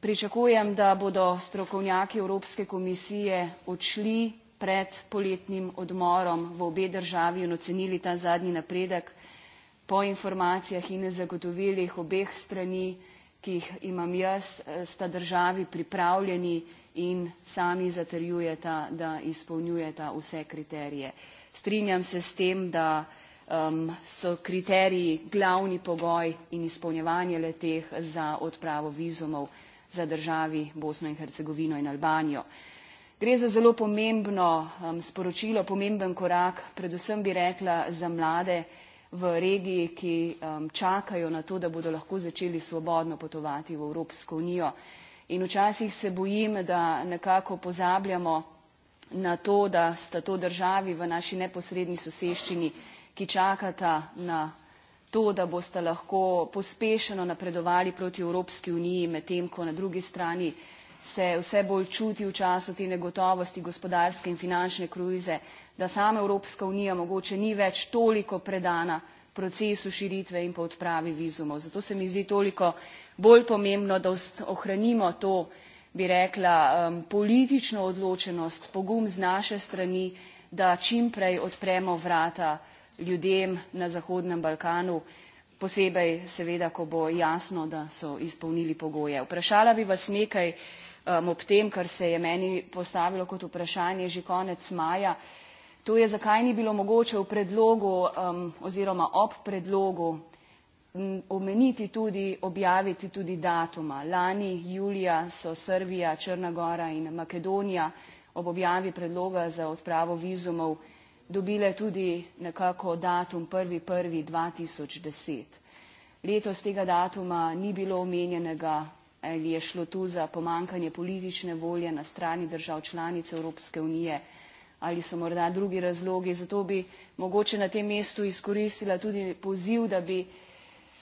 Pričakujem, da bodo strokovnjaki Evropske komisije odšli pred poletnim odmorom v obe državi in ocenili ta zadnji napredek po informacijah in zagotovilih obeh strani, ki jih imam jaz, eh, sta državi pripravljeni in sami zaterjujeta, da izpolnjujeta vse kriterije. Strinjam se s tem, da um, so kriteriji glavni pogoj in izpolnjevanje le teh za odpravo vizumov za državi Bosno in Hercegovino in Albanijo. Gre za zelo pomembno um, sporočilo, pomemben korak, predvsem bi rekla za mlade, v regiji, ki um, čakajo na to, da bodo lahko začeli svobodno potovati v Evropsko unijo. In včasih se bojim, da nekako pozabljamo na to, da sta to državi v naši neposrednji soseščini, ki čakata na to, da boste lahko pospešeno napredovali proti Evropski uniji, medtem ko na drugi strani se vse bolj čuti v času te negotovosti gospodarske in finančne krize, da sama Evropska unija mogoče ni več toliko predana procesu širitve in pa odpravi vizumov. Zato se mi zdi toliko bolj pomembno, da ohranimo to, bi rekla, um, politično odločenost, pogum z naše strani, da čimprej odpremo vrata ljudem na Zahodnem Balkanu, posebej seveda, ko bo jasno, da so izpolnili pogoje. Vprašala bi vas nekaj um, ob tem, kar se je meni postavilo kot vprašanje že konec maja. To je, zakaj ni bilo mogoče v predlogu um, oziroma ob predlogu omeniti tudi, objaviti tudi datuma. Lani julija so Srbija, Črnagora in Makedonija ob objavi predloga za odpravo vizumov dobile tudi nekako datum 1.1.2010. Letos tega datuma ni bilo omenjenega ali je šlo tu za pomankanje politične volje na strani držav članic Evropske unije ali so morda drugi razlogi. Zato bi mogoče na tem mestu izkoristila tudi poziv, da bi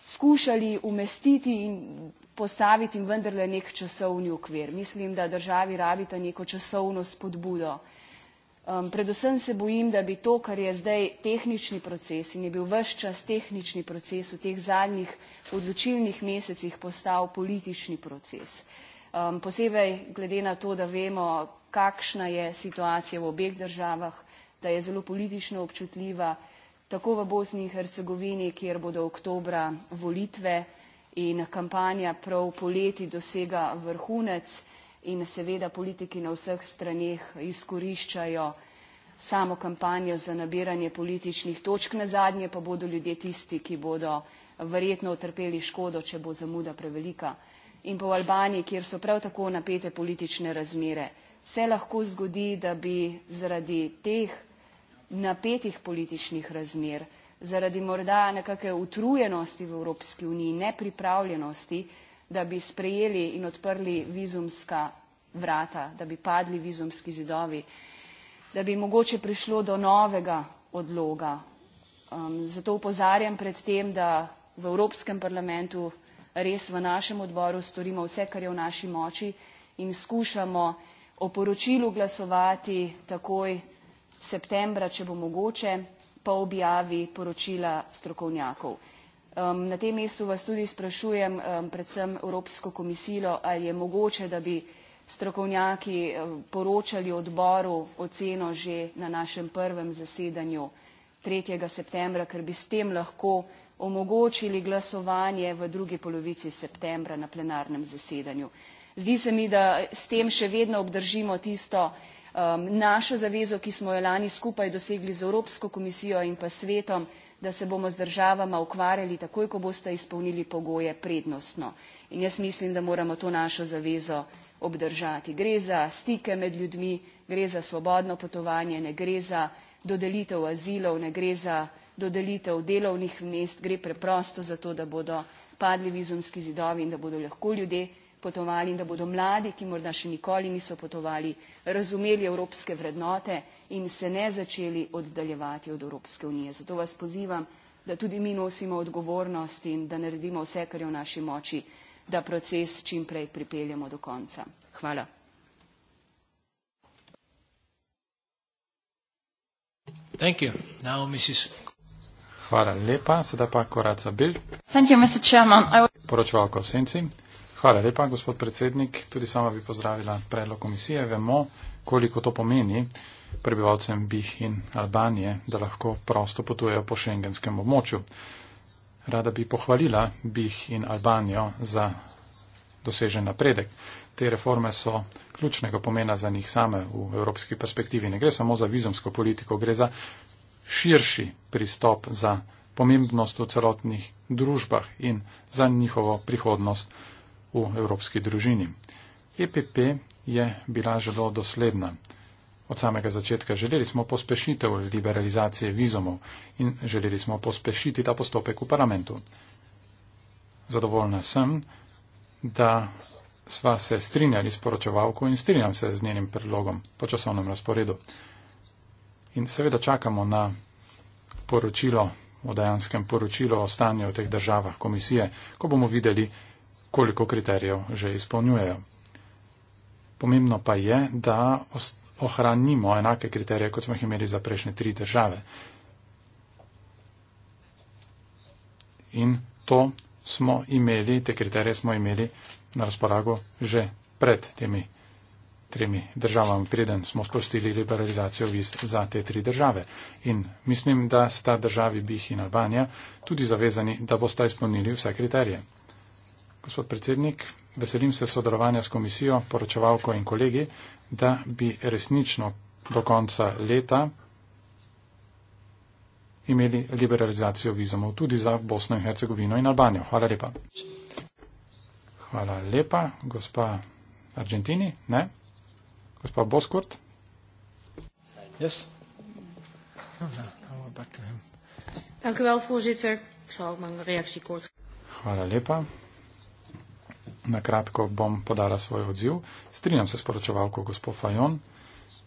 skušali umestiti in postaviti vendarle nek časovni okvir. Mislim, da državi rabita neko časovno spodbudo. Um, predvsem se bojim, da bi to, kar je zdaj tehnični proces in je bil vse čas tehnični proces v teh zadnjih odločilnih mesecih postal politični proces um, posebej glede na to, da vemo, kakšna je situacija v obeh državah, da je zelo politično občutljiva, tako v Bosni in Hercegovini, kjer bodo oktobra volitve in kampanja prav poleti dosega vrhunec in seveda politiki na vseh straneh izkoriščajo samo kampanjo za nabiranje političnih točk. Na zadnje pa bodo ljudje tisti, ki bodo verjetno utrpeli škodo, če bo zamuda prevelika in pa v Albaniji, kjer so prav tako napete politične razmere. Se lahko zgodi, da bi zaradi teh napetih političnih razmer, zaradi morda nekakve utrujenosti v Evropski uniji, nepripravljenosti, da bi sprejeli in odprli vizumska vrata, da bi padli vizumski zidovi, da bi mogoče prišlo do novega odloga. Um, zato upozarjam pred tem, da v Evropskem parlamentu res v našem odboru storimo vse, kar je v naši moči in skušamo o poročilu glasovati takoj septembra, če bo mogoče, pa objavi poročila strokovnjakov. Um, na tem mestu vas tudi sprašujem, um, predvsem Evropsko komisijo, ali je mogoče, da bi strokovnjaki um, poročali odboru oceno že na našem prvem zasedanju 3. septembra, ker bi s tem lahko omogočili glasovanje v drugi polovici septembra na plenarnem zasedanju. Zdi se mi, da s tem še vedno obdržimo tisto um, našo zavezo, ki smo jo lani skupaj dosegli z Evropsko komisijo in pa svetom, da se bomo z državama ukvarjali takoj, ko boste izpolnili pogoje prednostno. In jaz mislim, da moramo to našo zavezo obdržati. Gre za stike med ljudmi, gre za svobodno potovanje, ne gre za dodelitev azilov, ne gre za dodelitev delovnih mest, gre preprosto za to, da bodo padli vizumski zidovi in da bodo lahko ljudje potovali in da bodo mladi, ki morda še nikoli niso potovali, razumeli evropske vrednote in se ne začeli oddaljevati od Evropske unije. Zato vas pozivam, da tudi mi nosimo odgovornost in da naredimo vse, kar je v naši moči, da proces čim prej pripeljemo do konca. Hvala. Thank you. Now, Mrs. Hvala lepa, sedaj pa Koraca Bil. Poročevalko v senci. Hvala lepa, gospod predsednik. Tudi sama bi pozdravila predlog komisije. Vemo, koliko to pomeni prebivalcem Bih in Albanije, da lahko prosto potujejo po šengenskem območju. Rada bi pohvalila Bih in Albanijo za dosežen napredek. Te reforme so ključnega pomena za njih same v evropski perspektivi. Ne gre samo za vizumsko politiko, gre za širši pristop za pomembnost v celotnih družbah in za njihovo prihodnost v evropski družini. EPP je bila zelo dosledna. Od samega začetka želeli smo pospešitev liberalizacije vizumov in želeli smo pospešiti ta postopek v parlamentu. Zadovoljna sem, da sva se strinjali s poročevalko in strinjam se z njenim predlogom po časovnem razporedu. In seveda čakamo na poročilo, o dejanskem poročilo o stanju v teh državah komisije, ko bomo videli, koliko kriterijev že izpolnjujejo. Pomembno pa je, da ohranimo enake kriterije, kot smo jih imeli za prejšnje tri države. In to smo imeli, te kriterije smo imeli na razpolago že pred temi tremi državami, preden smo sprostili liberalizacijo viz za te tri države. In mislim, da sta državi Bih in Albanija tudi zavezani, da bosta izpolnili vse kriterije. Gospod predsednik, veselim se sodelovanja s komisijo, poročevalko in kolegi, da bi resnično do konca leta imeli liberalizacijo vizumov tudi za Bosno in Hercegovino in Albanijo. Hvala lepa. Hvala lepa, gospa Argentini. Ne? Gospa Boskort. Yes. Dank u wel, voorzitter. Ik zal mijn reactie kort. Hvala lepa. Na kratko bom podala svoj odziv. Strinjam se s poročevalko gospod Fajon.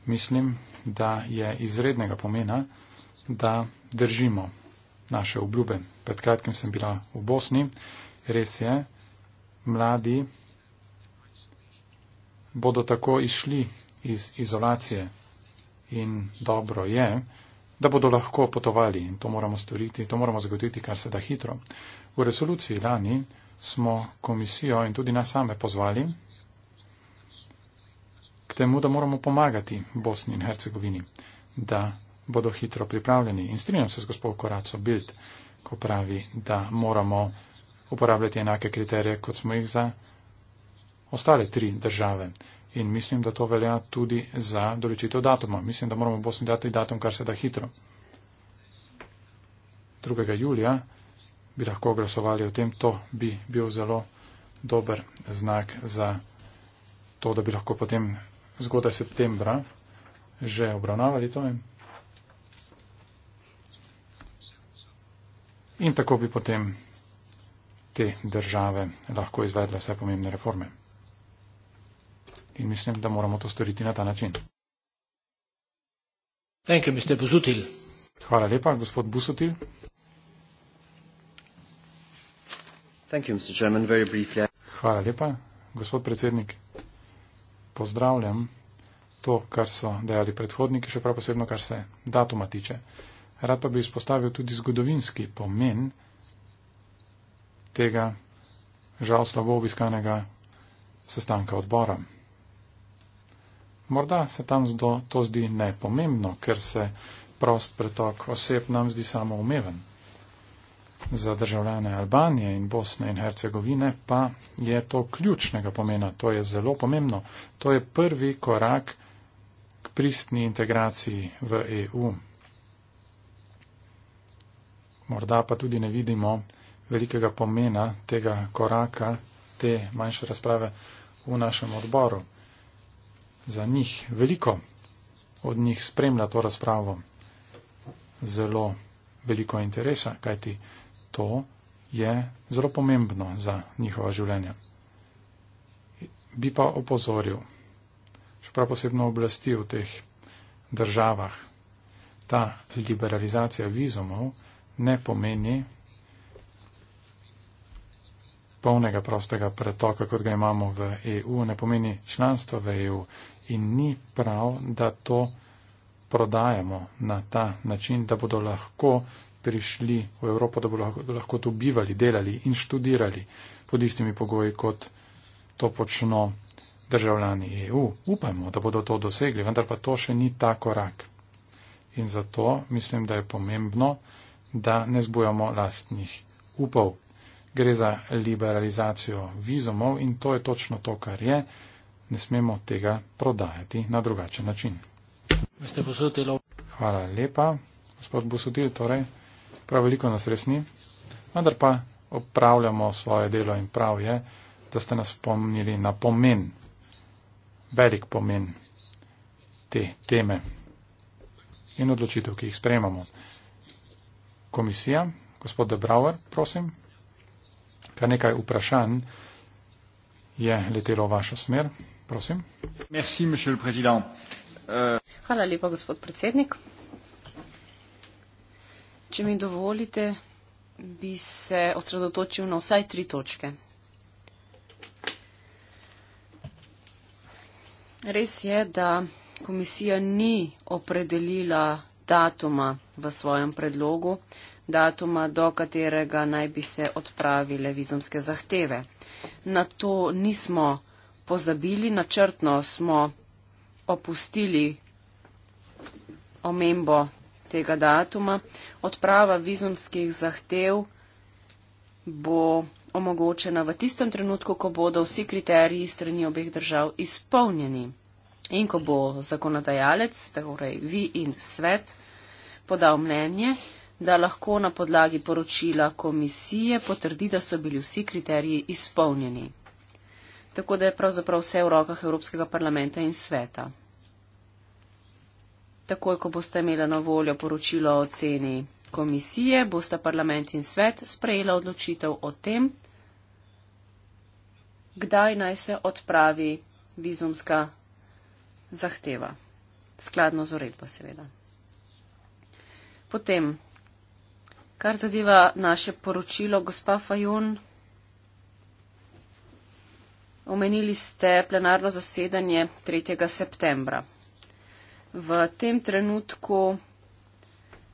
Mislim, da je izrednega pomena, da držimo naše obljube. Pred kratkim sem bila v Bosni. Res je, mladi bodo tako išli iz izolacije in dobro je, da bodo lahko potovali in to moramo storiti, to moramo zagotoviti kar se da hitro. V resoluciji lani smo komisijo in tudi nas same pozvali k temu, da moramo pomagati Bosni in Hercegovini, da bodo hitro pripravljeni. In strinjam se z gospod Koraco Bild, ko pravi, da moramo uporabljati enake kriterije, kot smo jih za ostale tri države in mislim, da to velja tudi za določitev datuma. Mislim, da moramo Bosni dati datum kar se da hitro. 2. julija bi lahko glasovali o tem, to bi bil zelo dober znak za to, da bi lahko potem zgodaj septembra že obravnavali to. In tako bi potem te države lahko izvedle vse pomembne reforme in mislim, da moramo to storiti na ta način. Thank you, Mr. Busutil. Hvala lepa, gospod Busutil. Thank you, Mr. Chairman, very briefly. Hvala lepa, gospod predsednik. Pozdravljam to, kar so dejali predhodniki, še prav posebno, kar se datuma tiče. Rad pa bi izpostavil tudi zgodovinski pomen tega žal slabo obiskanega sestanka odbora. Morda se tam zdo, to zdi nepomembno, ker se prost pretok oseb nam zdi samoumeven. Za državljane Albanije in Bosne in Hercegovine pa je to ključnega pomena, to je zelo pomembno, to je prvi korak k pristni integraciji v EU. Morda pa tudi ne vidimo velikega pomena tega koraka, te manjše razprave v našem odboru za njih veliko od njih spremlja to razpravo. Zelo veliko interesa, kajti to je zelo pomembno za njihova življenja. Bi pa opozoril, še prav posebno oblasti v teh državah, ta liberalizacija vizumov ne pomeni polnega prostega pretoka, kot ga imamo v EU, ne pomeni članstva v EU in ni prav, da to prodajamo na ta način, da bodo lahko prišli v Evropo, da bodo lahko, lahko tu bivali, delali in študirali pod istimi pogoji, kot to počno državljani EU. Upajmo, da bodo to dosegli, vendar pa to še ni ta korak. In zato mislim, da je pomembno, da ne zbujamo lastnih upov. Gre za liberalizacijo vizumov in to je točno to, kar je ne smemo tega prodajati na drugačen način. Hvala lepa, gospod Busutil, torej prav veliko nas resni, vendar pa opravljamo svoje delo in prav je, da ste nas spomnili na pomen, velik pomen te teme in odločitev, ki jih sprejemamo. Komisija, gospod Debrauer, prosim, kar nekaj vprašanj je letelo v vašo smer. Euh, Hvala lepa, gospod predsednik. Če mi dovolite, bi se osredotočil na vsaj tri točke. Res je, da komisija ni opredelila datuma v svojem predlogu, datuma, do katerega naj bi se odpravile vizumske zahteve. Na to nismo pozabili, načrtno smo opustili omembo tega datuma. Odprava vizumskih zahtev bo omogočena v tistem trenutku, ko bodo vsi kriteriji strani obeh držav izpolnjeni in ko bo zakonodajalec, torej vi in svet, podal mnenje, da lahko na podlagi poročila komisije potrdi, da so bili vsi kriteriji izpolnjeni tako da je pravzaprav vse v rokah Evropskega parlamenta in sveta. Takoj, ko boste imeli na voljo poročilo o ceni komisije, boste parlament in svet sprejela odločitev o tem, kdaj naj se odpravi vizumska zahteva. Skladno z uredbo, seveda. Potem, kar zadeva naše poročilo, gospa Fajon. Omenili ste plenarno zasedanje 3. septembra. V tem trenutku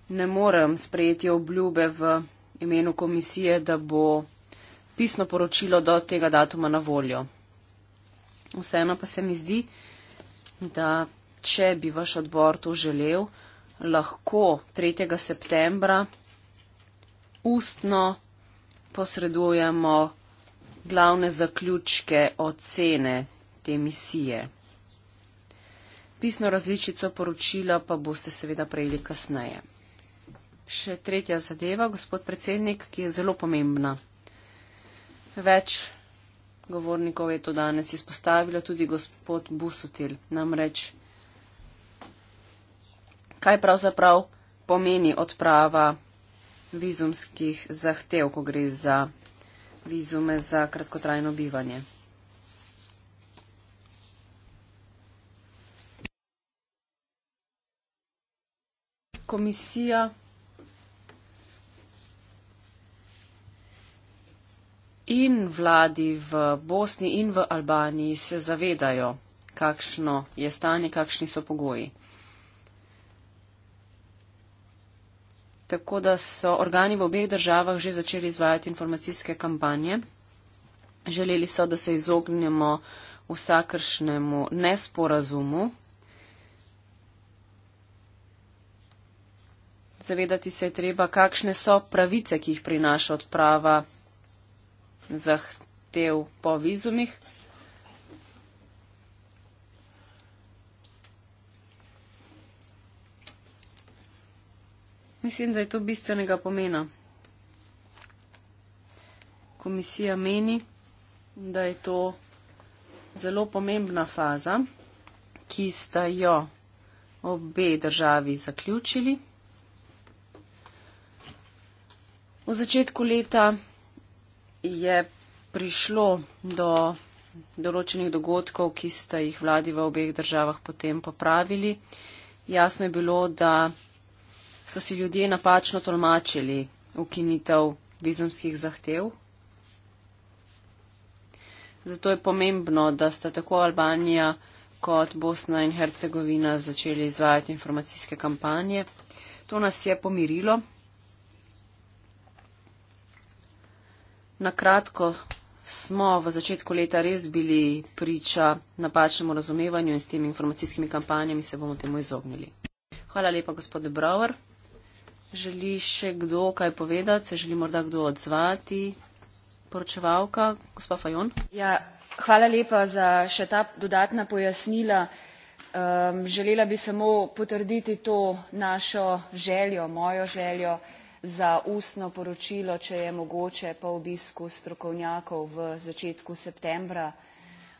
ne morem sprejeti obljube v imenu komisije, da bo pisno poročilo do tega datuma na voljo. Vseeno pa se mi zdi, da če bi vaš odbor to želel, lahko 3. septembra ustno posredujemo glavne zaključke ocene te misije. Pisno različico poročila pa boste seveda prejeli kasneje. Še tretja zadeva, gospod predsednik, ki je zelo pomembna. Več govornikov je to danes izpostavilo, tudi gospod Busutil. Namreč, kaj pravzaprav pomeni odprava vizumskih zahtev, ko gre za vizume za kratkotrajno bivanje. Komisija in vladi v Bosni in v Albaniji se zavedajo, kakšno je stanje, kakšni so pogoji. tako da so organi v obeh državah že začeli izvajati informacijske kampanje. Želeli so, da se izognemo vsakršnemu nesporazumu. Zavedati se je treba, kakšne so pravice, ki jih prinaša odprava zahtev po vizumih. Mislim, da je to bistvenega pomena. Komisija meni, da je to zelo pomembna faza, ki sta jo obe državi zaključili. V začetku leta je prišlo do določenih dogodkov, ki sta jih vladi v obeh državah potem popravili. Jasno je bilo, da so si ljudje napačno tolmačili ukinitev vizumskih zahtev. Zato je pomembno, da sta tako Albanija kot Bosna in Hercegovina začeli izvajati informacijske kampanje. To nas je pomirilo. Na kratko smo v začetku leta res bili priča napačnemu razumevanju in s temi informacijskimi kampanjami se bomo temu izognili. Hvala lepa, gospod Brower. Želi še kdo kaj povedati, se želi morda kdo odzvati? Poročevalka, gospa Fajon. Ja, hvala lepa za še ta dodatna pojasnila. Um, želela bi samo potrditi to našo željo, mojo željo za ustno poročilo, če je mogoče po obisku strokovnjakov v začetku septembra,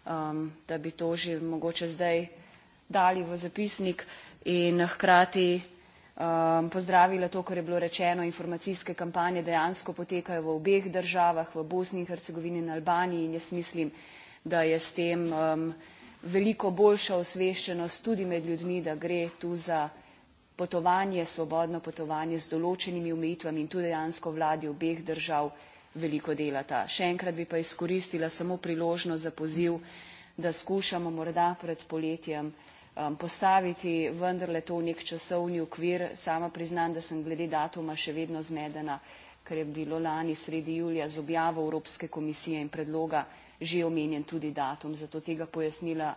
um, da bi to že mogoče zdaj dali v zapisnik in hkrati um, pozdravila to, kar je bilo rečeno, informacijske kampanje dejansko potekajo v obeh državah, v Bosni in Hercegovini in Albaniji in jaz mislim, da je s tem um, veliko boljša osveščenost tudi med ljudmi, da gre tu za potovanje, svobodno potovanje s določenimi umejitvami in tu dejansko vladi obeh držav veliko delata. Še enkrat bi pa izkoristila samo priložnost za poziv, da skušamo morda pred poletjem Um, postaviti vendarle to v nek časovni okvir. Sama priznam, da sem glede datuma še vedno zmedena, ker je bilo lani sredi julija z objavo Evropske komisije in predloga že omenjen tudi datum, zato tega pojasnila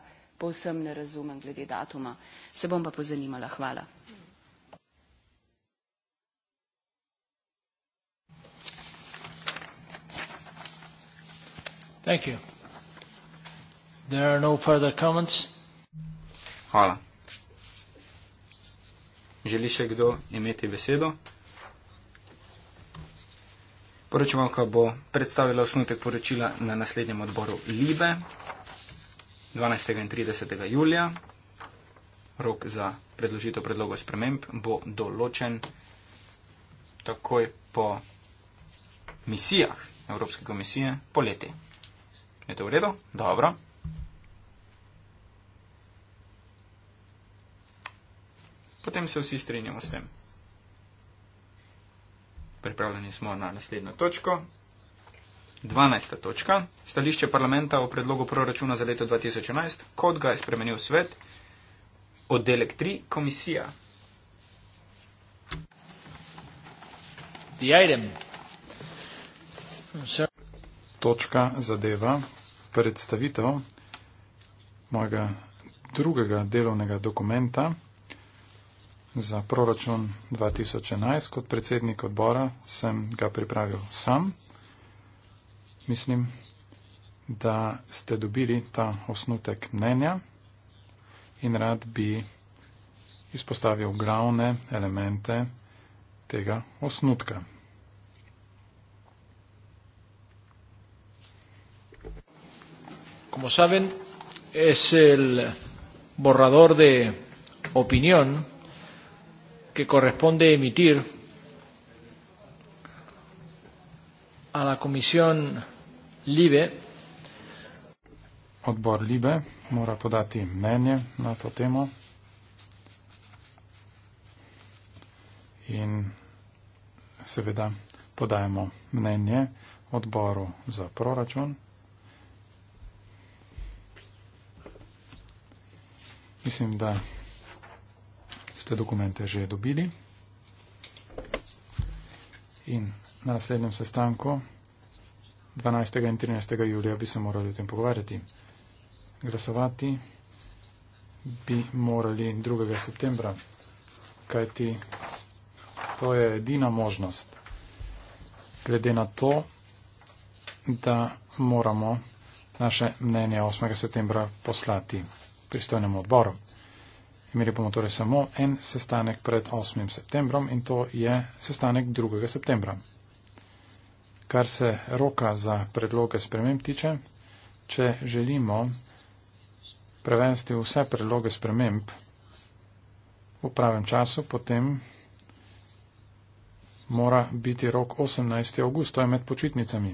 povsem ne razumem glede datuma. Se bom pa pozanimala. Hvala. Thank you. There are no further comments. Hvala. Želi še kdo imeti besedo? Poročevalka bo predstavila osnutek poročila na naslednjem odboru Libe 12. in 30. julija. Rok za predložitev predlogov sprememb bo določen takoj po misijah Evropske komisije poleti. Je to v redu? Dobro. potem se vsi strinjamo s tem. Pripravljeni smo na naslednjo točko. 12. točka. Stališče parlamenta o predlogu proračuna za leto 2011, kot ga je spremenil svet, oddelek 3, komisija. Točka zadeva predstavitev mojega drugega delovnega dokumenta za proračun 2011 kot predsednik odbora sem ga pripravil sam. Mislim, da ste dobili ta osnutek mnenja in rad bi izpostavil glavne elemente tega osnutka. Como saben, es el borrador de opinión que corresponde emitir a la comisión LIBE. Odbor LIBE mora podati mnenje na to temo. In seveda podajemo mnenje odboru za proračun. Mislim, da ste dokumente že dobili. In na naslednjem sestanku 12. in 13. julija bi se morali o tem pogovarjati. Glasovati bi morali 2. septembra, kajti to je edina možnost. Glede na to, da moramo naše mnenje 8. septembra poslati pristojnemu odboru. Imeli bomo torej samo en sestanek pred 8. septembrom in to je sestanek 2. septembra. Kar se roka za predloge sprememb tiče, če želimo prevesti vse predloge sprememb v pravem času, potem mora biti rok 18. august, to je med počitnicami.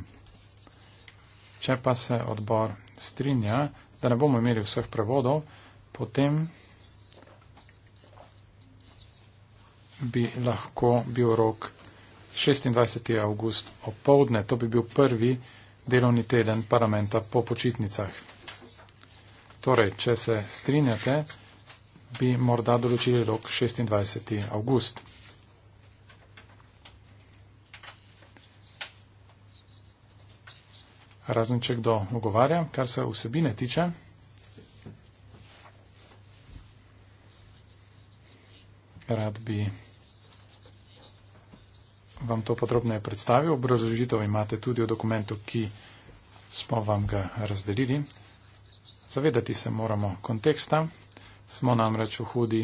Če pa se odbor strinja, da ne bomo imeli vseh prevodov, potem bi lahko bil rok 26. august opoldne. To bi bil prvi delovni teden parlamenta po počitnicah. Torej, če se strinjate, bi morda določili rok 26. august. Razen če kdo ogovarja, kar se vsebine tiče. rad bi vam to podrobneje predstavil. Obrazložitev imate tudi v dokumentu, ki smo vam ga razdelili. Zavedati se moramo konteksta. Smo namreč v hudi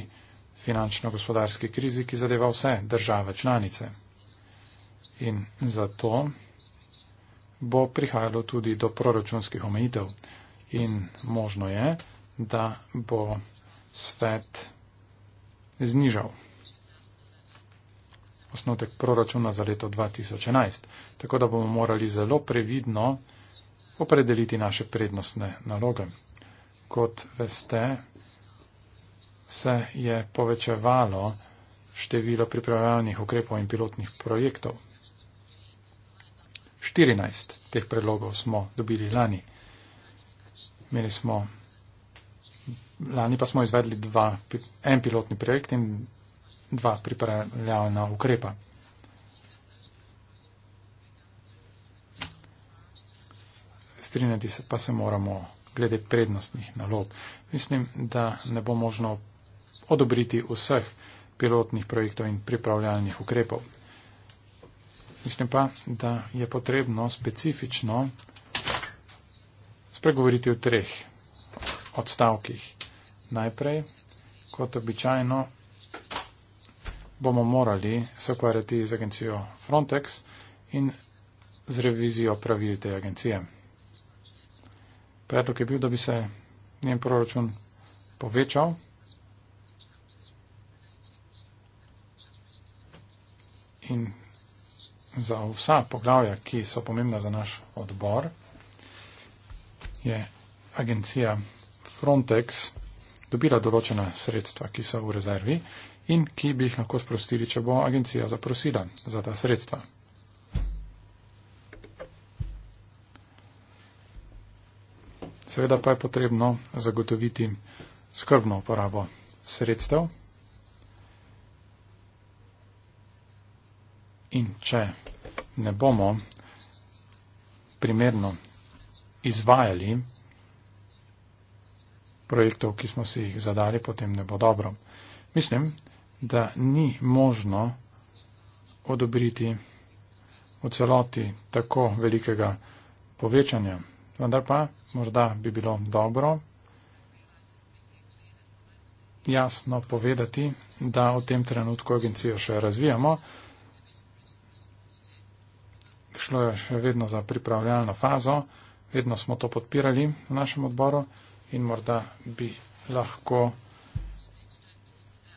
finančno-gospodarski krizi, ki zadeva vse države članice. In zato bo prihajalo tudi do proračunskih omejitev. In možno je, da bo svet znižal osnotek proračuna za leto 2011. Tako da bomo morali zelo previdno opredeliti naše prednostne naloge. Kot veste, se je povečevalo število pripravljalnih ukrepov in pilotnih projektov. 14 teh predlogov smo dobili lani. Imeli smo lani pa smo izvedli dva, en pilotni projekt in dva pripravljalna ukrepa. Strinjati se pa se moramo glede prednostnih nalog. Mislim, da ne bo možno odobriti vseh pilotnih projektov in pripravljalnih ukrepov. Mislim pa, da je potrebno specifično spregovoriti o treh odstavkih. Najprej, kot običajno, bomo morali se ukvarjati z agencijo Frontex in z revizijo pravil te agencije. Predlog je bil, da bi se njen proračun povečal. In za vsa poglavja, ki so pomembna za naš odbor, je agencija Frontex dobila določena sredstva, ki so v rezervi in ki bi jih lahko sprostili, če bo agencija zaprosila za ta sredstva. Seveda pa je potrebno zagotoviti skrbno uporabo sredstev. In če ne bomo primerno izvajali projektov, ki smo si jih zadali, potem ne bo dobro. Mislim, da ni možno odobriti v celoti tako velikega povečanja. Vendar pa morda bi bilo dobro jasno povedati, da v tem trenutku agencijo še razvijamo. Šlo je še vedno za pripravljalno fazo, vedno smo to podpirali v našem odboru in morda bi lahko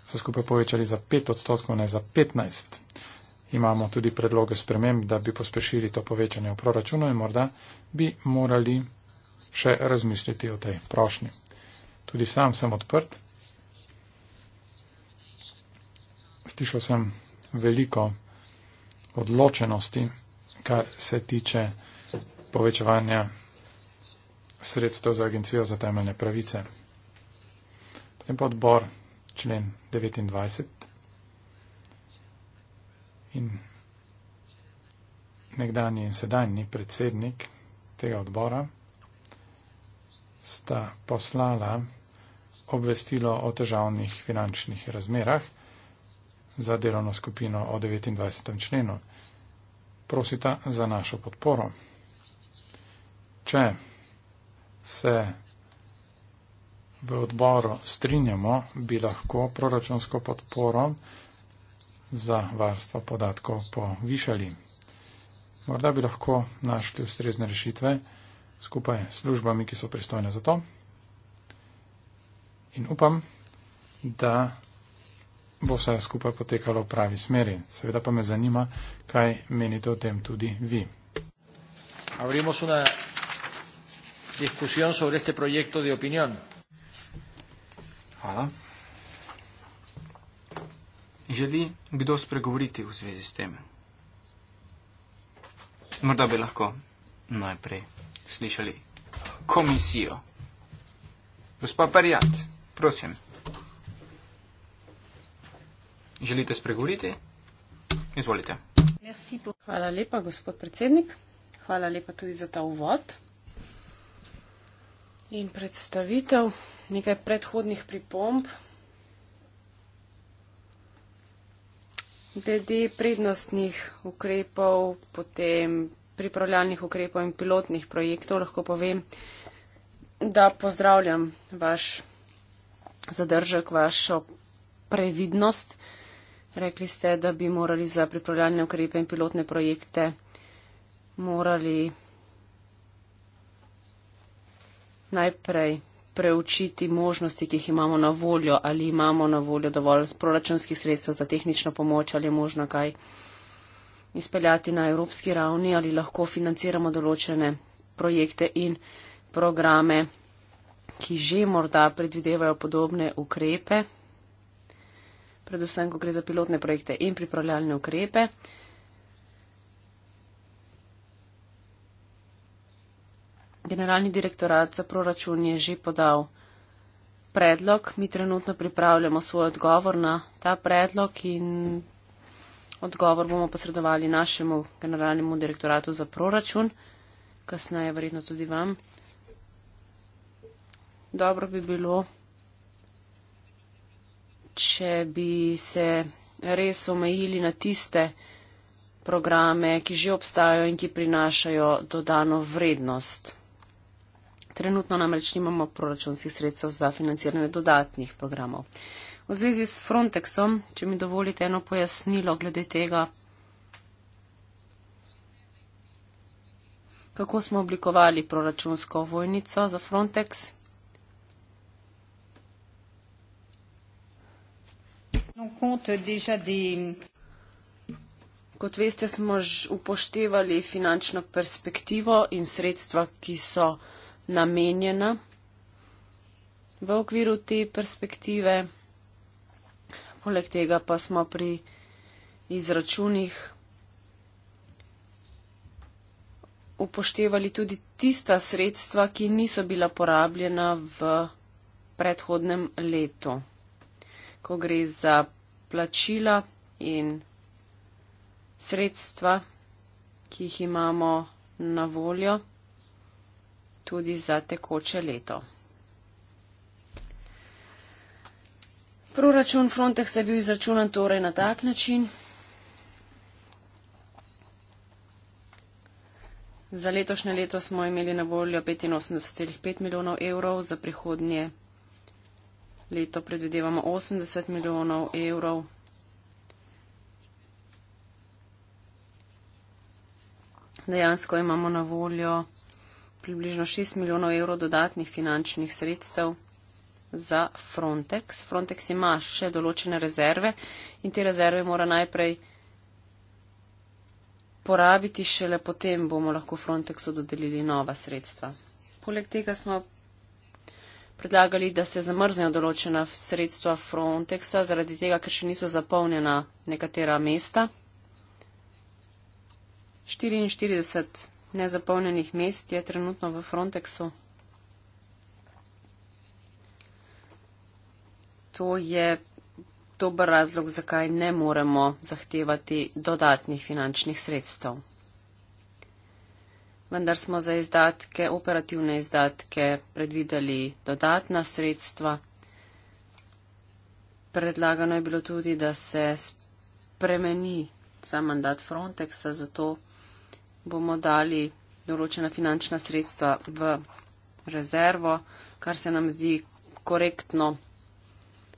se skupaj povečali za 5 odstotkov, ne za 15. Imamo tudi predloge sprememb, da bi pospešili to povečanje v proračunu in morda bi morali še razmisliti o tej prošnji. Tudi sam sem odprt. Slišal sem veliko odločenosti, kar se tiče povečevanja sredstev za Agencijo za temeljne pravice. Potem pa odbor, člen 29. In nekdani in sedajni predsednik tega odbora sta poslala obvestilo o težavnih finančnih razmerah za delovno skupino o 29. členu. Prosita za našo podporo. Če se v odboru strinjamo, bi lahko proračunsko podporo za varstvo podatkov povišali. Morda bi lahko našli ustrezne rešitve skupaj s službami, ki so pristojne za to. In upam, da bo vse skupaj potekalo v pravi smeri. Seveda pa me zanima, kaj menite o tem tudi vi. Abrimos una discusión sobre este proyecto de opinión. Hvala. Želi kdo spregovoriti v zvezi s tem? Morda bi lahko najprej slišali komisijo. Gospa Parijat, prosim. Želite spregovoriti? Izvolite. Hvala lepa, gospod predsednik. Hvala lepa tudi za ta uvod in predstavitev, nekaj predhodnih pripomb. Glede prednostnih ukrepov, potem pripravljalnih ukrepov in pilotnih projektov lahko povem, da pozdravljam vaš zadržek, vašo previdnost. Rekli ste, da bi morali za pripravljalne ukrepe in pilotne projekte morali najprej preučiti možnosti, ki jih imamo na voljo, ali imamo na voljo dovolj proračunskih sredstev za tehnično pomoč, ali je možno kaj izpeljati na evropski ravni, ali lahko financiramo določene projekte in programe, ki že morda predvidevajo podobne ukrepe, predvsem, ko gre za pilotne projekte in pripravljalne ukrepe. Generalni direktorat za proračun je že podal predlog, mi trenutno pripravljamo svoj odgovor na ta predlog in odgovor bomo posredovali našemu generalnemu direktoratu za proračun, kasneje verjetno tudi vam. Dobro bi bilo, če bi se res omejili na tiste programe, ki že obstajajo in ki prinašajo dodano vrednost. Trenutno namreč nimamo proračunskih sredstev za financiranje dodatnih programov. V zvezi s Frontexom, če mi dovolite eno pojasnilo glede tega, kako smo oblikovali proračunsko vojnico za Frontex. Kot veste, smo upoštevali finančno perspektivo in sredstva, ki so namenjena v okviru te perspektive. Poleg tega pa smo pri izračunih upoštevali tudi tista sredstva, ki niso bila porabljena v predhodnem letu, ko gre za plačila in sredstva, ki jih imamo na voljo tudi za tekoče leto. Proračun Frontex je bil izračunan torej na tak način. Za letošnje leto smo imeli na voljo 85,5 milijonov evrov, za prihodnje leto predvidevamo 80 milijonov evrov. Dejansko imamo na voljo približno 6 milijonov evrov dodatnih finančnih sredstev za Frontex. Frontex ima še določene rezerve in te rezerve mora najprej porabiti, šele potem bomo lahko Frontexu dodelili nova sredstva. Poleg tega smo predlagali, da se zamrznejo določena sredstva Frontexa, zaradi tega, ker še niso zapolnjena nekatera mesta. 44 nezapolnjenih mest je trenutno v Frontexu. To je dober razlog, zakaj ne moremo zahtevati dodatnih finančnih sredstev. Vendar smo za izdatke, operativne izdatke predvideli dodatna sredstva. Predlagano je bilo tudi, da se spremeni za mandat Frontexa, zato bomo dali določena finančna sredstva v rezervo, kar se nam zdi korektno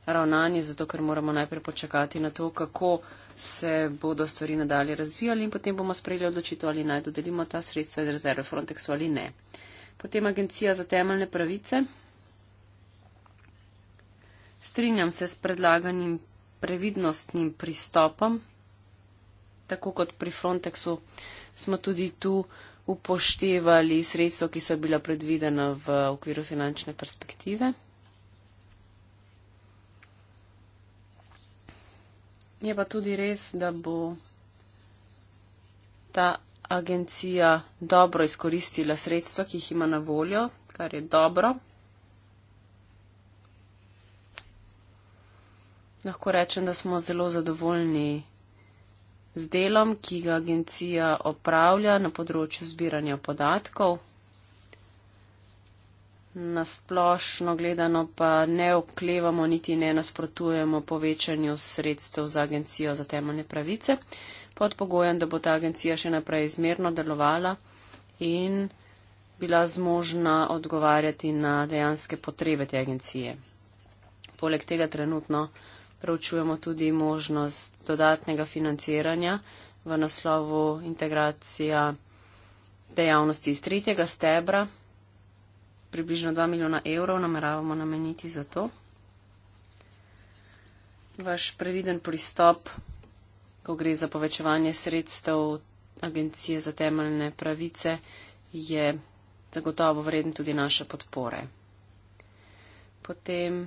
ravnanje, zato ker moramo najprej počakati na to, kako se bodo stvari nadalje razvijali in potem bomo sprejeli odločitev, ali naj dodelimo ta sredstva iz rezerve Frontexu ali ne. Potem Agencija za temeljne pravice. Strinjam se s predlaganim previdnostnim pristopom, tako kot pri Frontexu smo tudi tu upoštevali sredstvo, ki so bila predvidena v okviru finančne perspektive. Je pa tudi res, da bo ta agencija dobro izkoristila sredstva, ki jih ima na voljo, kar je dobro. Lahko rečem, da smo zelo zadovoljni z delom, ki ga agencija opravlja na področju zbiranja podatkov. Nasplošno gledano pa ne oklevamo niti ne nasprotujemo povečanju sredstev za agencijo za temeljne pravice, pod pogojem, da bo ta agencija še naprej izmerno delovala in bila zmožna odgovarjati na dejanske potrebe te agencije. Poleg tega trenutno preučujemo tudi možnost dodatnega financiranja v naslovu integracija dejavnosti iz tretjega stebra. Približno 2 milijona evrov nameravamo nameniti za to. Vaš previden pristop, ko gre za povečevanje sredstev Agencije za temeljne pravice, je zagotovo vreden tudi naše podpore. Potem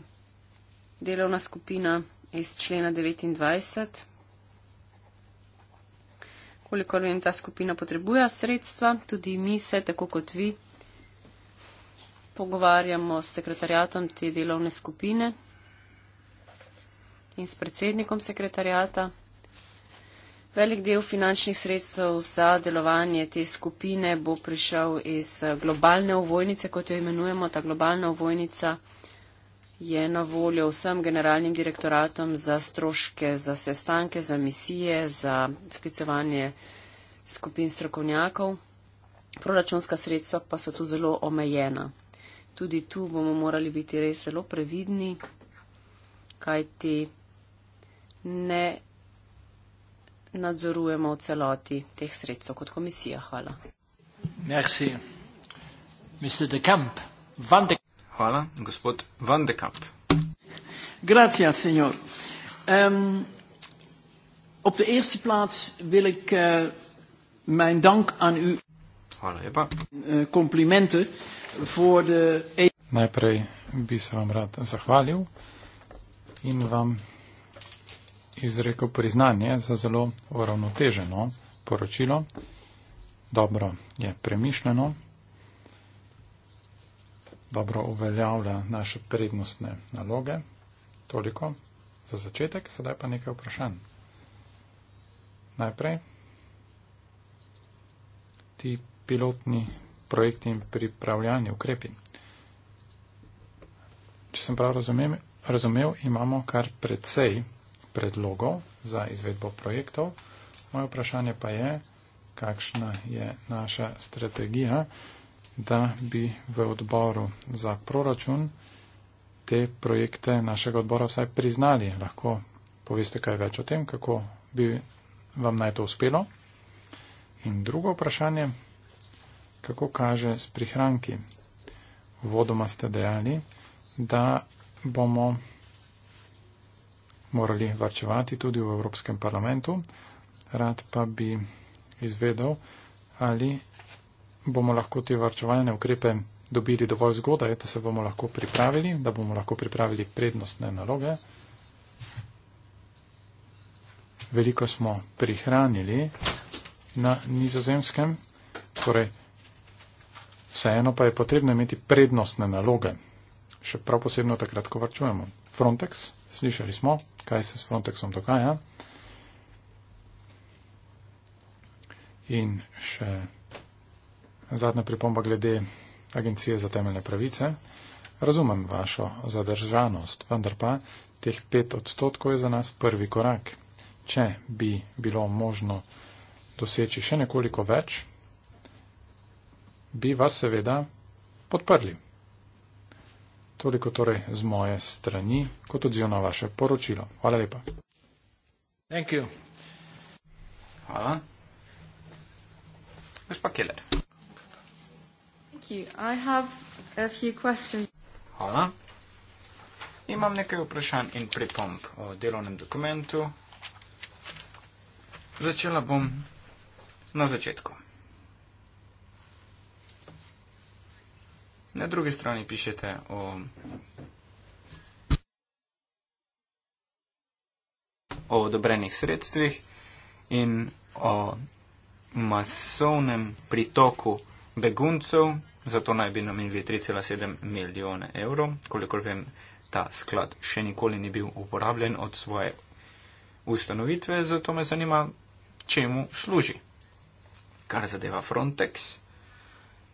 delovna skupina iz člena 29. Kolikor vem, ta skupina potrebuje sredstva, tudi mi se, tako kot vi, pogovarjamo s sekretarjatom te delovne skupine in s predsednikom sekretarjata. Velik del finančnih sredstev za delovanje te skupine bo prišel iz globalne ovojnice, kot jo imenujemo, ta globalna ovojnica je na voljo vsem generalnim direktoratom za stroške, za sestanke, za misije, za sklicevanje skupin strokovnjakov. Proračunska sredstva pa so tu zelo omejena. Tudi tu bomo morali biti res zelo previdni, kajti ne nadzorujemo v celoti teh sredstev kot komisija. Hvala. Merci. Mr. De Camp, Van de Camp. Hvala. Gospod Van de Kamp. Gracias, senor. Um, ehm, op de eerste plaats wil ik uh, mijn dank aan u... Hvala lepa. Uh, ...complimenten voor de... E- Najprej bi se vam rad zahvalil in vam izrekel priznanje za zelo uravnoteženo poročilo. Dobro je premišljeno dobro uveljavlja naše prednostne naloge. Toliko za začetek, sedaj pa nekaj vprašanj. Najprej ti pilotni projekti in pripravljanje ukrepi. Če sem prav razumel, razumel, imamo kar precej predlogov za izvedbo projektov. Moje vprašanje pa je, kakšna je naša strategija da bi v odboru za proračun te projekte našega odbora vsaj priznali. Lahko poveste kaj več o tem, kako bi vam naj to uspelo. In drugo vprašanje, kako kaže s prihranki. Vodoma ste dejali, da bomo morali varčevati tudi v Evropskem parlamentu. Rad pa bi izvedel, ali bomo lahko te varčevalne ukrepe dobili dovolj zgodaj, da se bomo lahko pripravili, da bomo lahko pripravili prednostne naloge. Veliko smo prihranili na nizozemskem, torej vseeno pa je potrebno imeti prednostne naloge. Še prav posebno takrat, ko varčujemo. Frontex, slišali smo, kaj se s Frontexom dogaja. In še Zadnja pripomba glede Agencije za temeljne pravice. Razumem vašo zadržanost, vendar pa teh pet odstotkov je za nas prvi korak. Če bi bilo možno doseči še nekoliko več, bi vas seveda podprli. Toliko torej z moje strani, kot odziv na vaše poročilo. Hvala lepa. Thank you. Hvala. Gospa Keller. Hvala. Imam nekaj vprašanj in pripomp o delovnem dokumentu. Začela bom na začetku. Na drugi strani pišete o o odobrenih sredstvih in o masovnem pritoku beguncev zato naj bi namenili 3,7 milijone evrov. Kolikor vem, ta sklad še nikoli ni bil uporabljen od svoje ustanovitve, zato me zanima, čemu služi. Kar zadeva Frontex,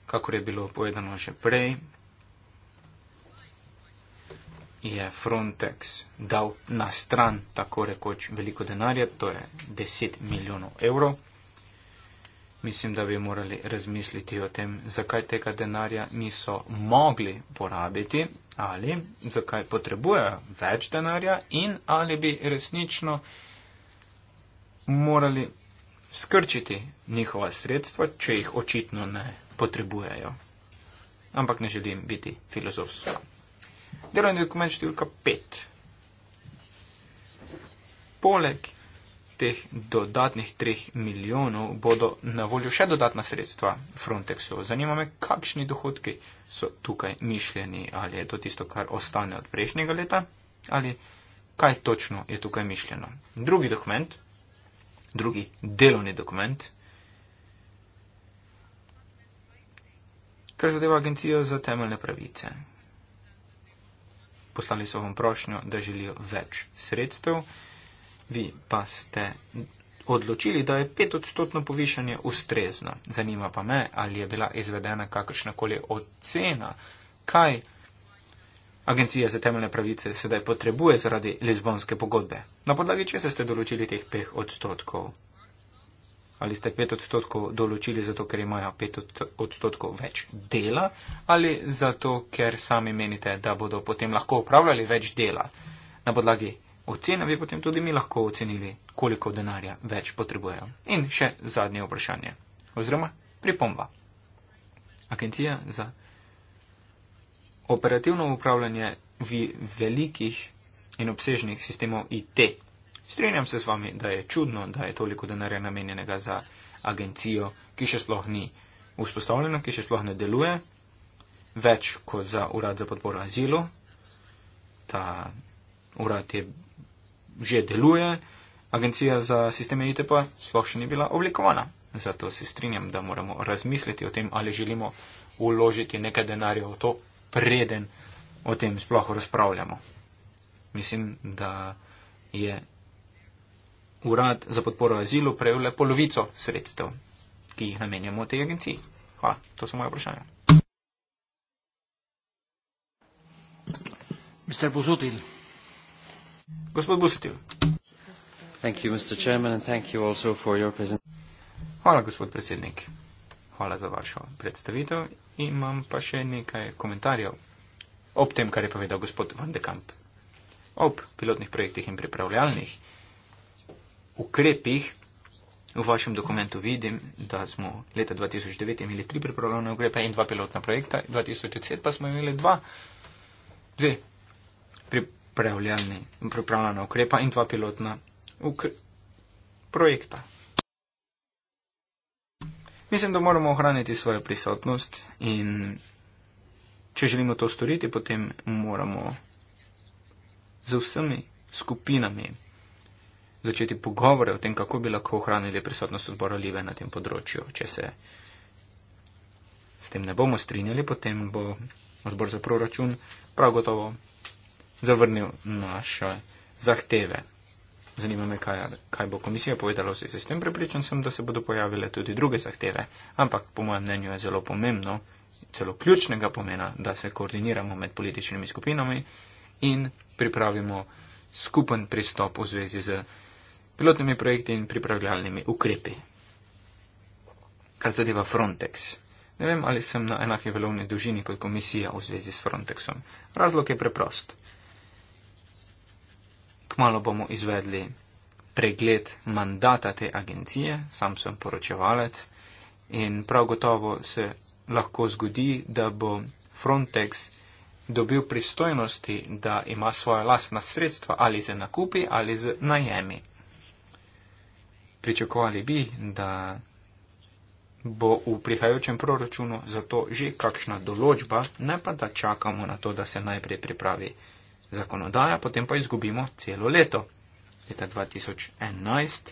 kakor je bilo povedano že prej, je Frontex dal na stran tako rekoč veliko denarja, to je 10 milijonov evrov mislim, da bi morali razmisliti o tem, zakaj tega denarja niso mogli porabiti ali zakaj potrebujejo več denarja in ali bi resnično morali skrčiti njihova sredstva, če jih očitno ne potrebujejo. Ampak ne želim biti filozof. Delovni dokument številka 5. Poleg teh dodatnih 3 milijonov bodo na voljo še dodatna sredstva Frontexu. Zanima me, kakšni dohodki so tukaj mišljeni, ali je to tisto, kar ostane od prejšnjega leta, ali kaj točno je tukaj mišljeno. Drugi dokument, drugi delovni dokument, kar zadeva Agencijo za temeljne pravice. Poslali so vam prošnjo, da želijo več sredstev vi pa ste odločili, da je petodstotno povišanje ustrezno. Zanima pa me, ali je bila izvedena kakršnakoli ocena, kaj Agencija za temeljne pravice sedaj potrebuje zaradi Lizbonske pogodbe. Na podlagi česa ste določili teh pet odstotkov? Ali ste pet odstotkov določili zato, ker imajo pet odstotkov več dela, ali zato, ker sami menite, da bodo potem lahko upravljali več dela? Na podlagi ocena, bi potem tudi mi lahko ocenili, koliko denarja več potrebujejo. In še zadnje vprašanje, oziroma pripomba. Agencija za operativno upravljanje vi velikih in obsežnih sistemov IT. Strenjam se z vami, da je čudno, da je toliko denarja namenjenega za agencijo, ki še sploh ni vzpostavljena, ki še sploh ne deluje, več kot za urad za podporo azilu. Ta urad je že deluje, agencija za sisteme ITP sploh še ni bila oblikovana. Zato se strinjam, da moramo razmisliti o tem, ali želimo uložiti nekaj denarja v to, preden o tem sploh razpravljamo. Mislim, da je urad za podporo azilu prejel le polovico sredstev, ki jih namenjamo tej agenciji. Hvala, to so moje vprašanje. Mr. Buzutil. Gospod Busetil. Hvala, gospod predsednik. Hvala za vašo predstavitev. Imam pa še nekaj komentarjev ob tem, kar je povedal gospod Van de Kamp. Ob pilotnih projektih in pripravljalnih ukrepih v vašem dokumentu vidim, da smo leta 2009 imeli tri pripravljalne ukrepe in dva pilotna projekta, 2010 pa smo imeli dva, dve pripravljalne preavljalni in pripravljena ukrepa in dva pilotna projekta. Mislim, da moramo ohraniti svojo prisotnost in če želimo to storiti, potem moramo z vsemi skupinami začeti pogovore o tem, kako bi lahko ohranili prisotnost odbora Live na tem področju. Če se s tem ne bomo strinjali, potem bo odbor za proračun prav gotovo zavrnil naše zahteve. Zanima me, kaj, kaj bo komisija povedala vsi se s tem. Prepričan sem, da se bodo pojavile tudi druge zahteve. Ampak po mojem mnenju je zelo pomembno, celo ključnega pomena, da se koordiniramo med političnimi skupinami in pripravimo skupen pristop v zvezi z pilotnimi projekti in pripravljalnimi ukrepi. Kar zadeva Frontex. Ne vem, ali sem na enake velovne dužini kot komisija v zvezi s Frontexom. Razlog je preprost kmalo bomo izvedli pregled mandata te agencije, sam sem poročevalec in prav gotovo se lahko zgodi, da bo Frontex dobil pristojnosti, da ima svoja lastna sredstva ali za nakupi ali za najemi. Pričakovali bi, da bo v prihajajočem proračunu za to že kakšna določba, ne pa da čakamo na to, da se najprej pripravi zakonodaja, potem pa izgubimo celo leto. Leta 2011.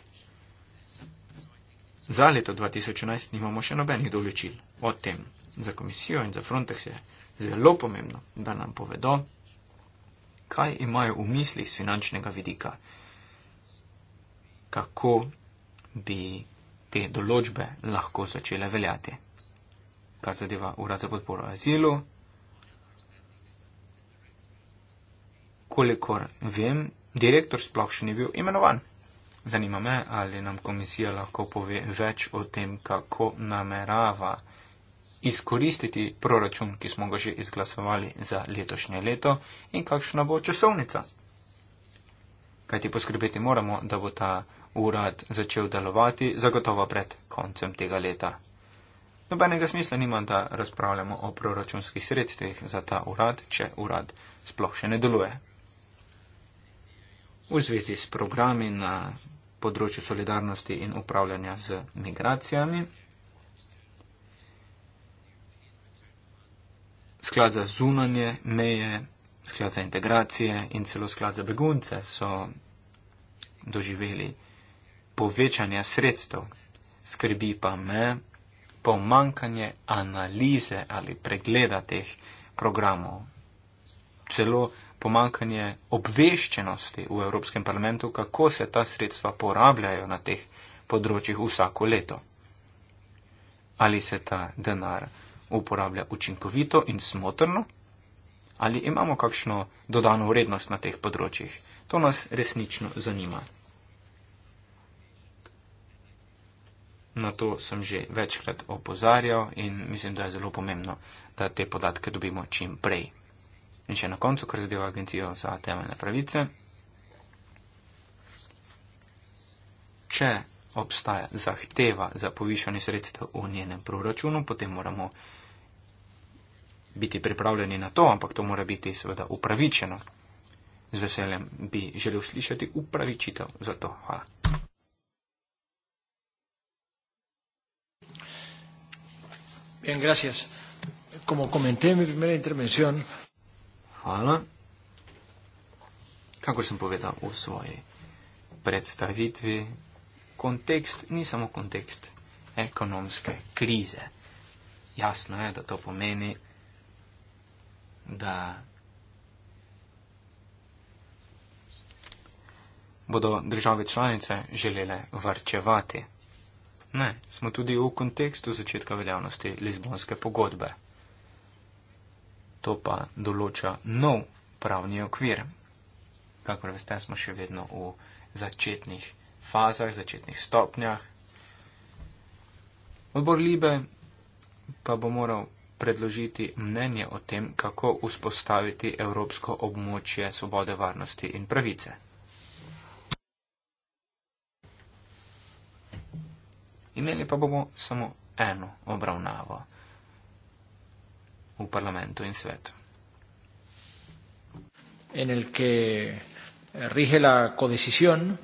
Za leto 2011 nimamo še nobenih določil o tem. Za komisijo in za Frontex je zelo pomembno, da nam povedo, kaj imajo v mislih z finančnega vidika, kako bi te določbe lahko začele veljati. Kar zadeva urad za podporo azilu, kolikor vem, direktor sploh še ni bil imenovan. Zanima me, ali nam komisija lahko pove več o tem, kako namerava izkoristiti proračun, ki smo ga že izglasovali za letošnje leto in kakšna bo časovnica. Kajti poskrbeti moramo, da bo ta urad začel delovati zagotovo pred koncem tega leta. Nobenega smisla nima, da razpravljamo o proračunskih sredstvih za ta urad, če urad sploh še ne deluje v zvezi s programi na področju solidarnosti in upravljanja z migracijami. Sklad za zunanje meje, sklad za integracije in celo sklad za begunce so doživeli povečanje sredstev. Skrbi pa me pomankanje analize ali pregleda teh programov. Celo pomankanje obveščenosti v Evropskem parlamentu, kako se ta sredstva porabljajo na teh področjih vsako leto. Ali se ta denar uporablja učinkovito in smotrno, ali imamo kakšno dodano vrednost na teh področjih. To nas resnično zanima. Na to sem že večkrat opozarjal in mislim, da je zelo pomembno, da te podatke dobimo čim prej. In še na koncu, kar zadeva agencijo za temeljne pravice. Če obstaja zahteva za povišanje sredstev v njenem proračunu, potem moramo biti pripravljeni na to, ampak to mora biti seveda upravičeno. Z veseljem bi želel slišati upravičitev za to. Hvala. Bien, gracias. Como comenté en mi primera intervención. Hvala. Kakor sem povedal v svoji predstavitvi, kontekst ni samo kontekst ekonomske krize. Jasno je, da to pomeni, da bodo države članice želele varčevati. Ne, smo tudi v kontekstu začetka veljavnosti Lizbonske pogodbe to pa določa nov pravni okvir. Kakor veste, smo še vedno v začetnih fazah, začetnih stopnjah. Odbor Libe pa bo moral predložiti mnenje o tem, kako vzpostaviti Evropsko območje svobode, varnosti in pravice. Imeli pa bomo samo eno obravnavo v parlamentu in svetu. In el que rige la codecisión.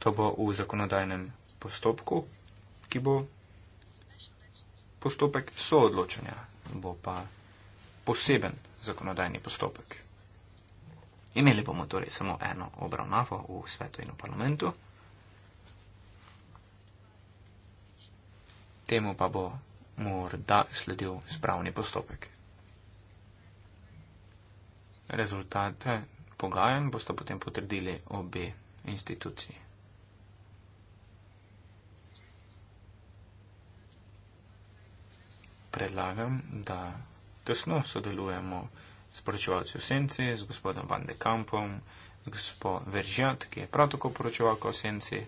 To bo v zakonodajnem postopku, ki bo postopek soodločanja, bo pa poseben zakonodajni postopek. Imeli bomo torej samo eno obravnavo v svetu in v parlamentu. Temu pa bo morda sledil spravni postopek. Rezultate pogajanj boste potem potrdili obe instituciji. Predlagam, da tesno sodelujemo s poročevalci v Senci, z gospodom Van de Kampom, z gospod Veržat, ki je prav tako poročevalka v Senci.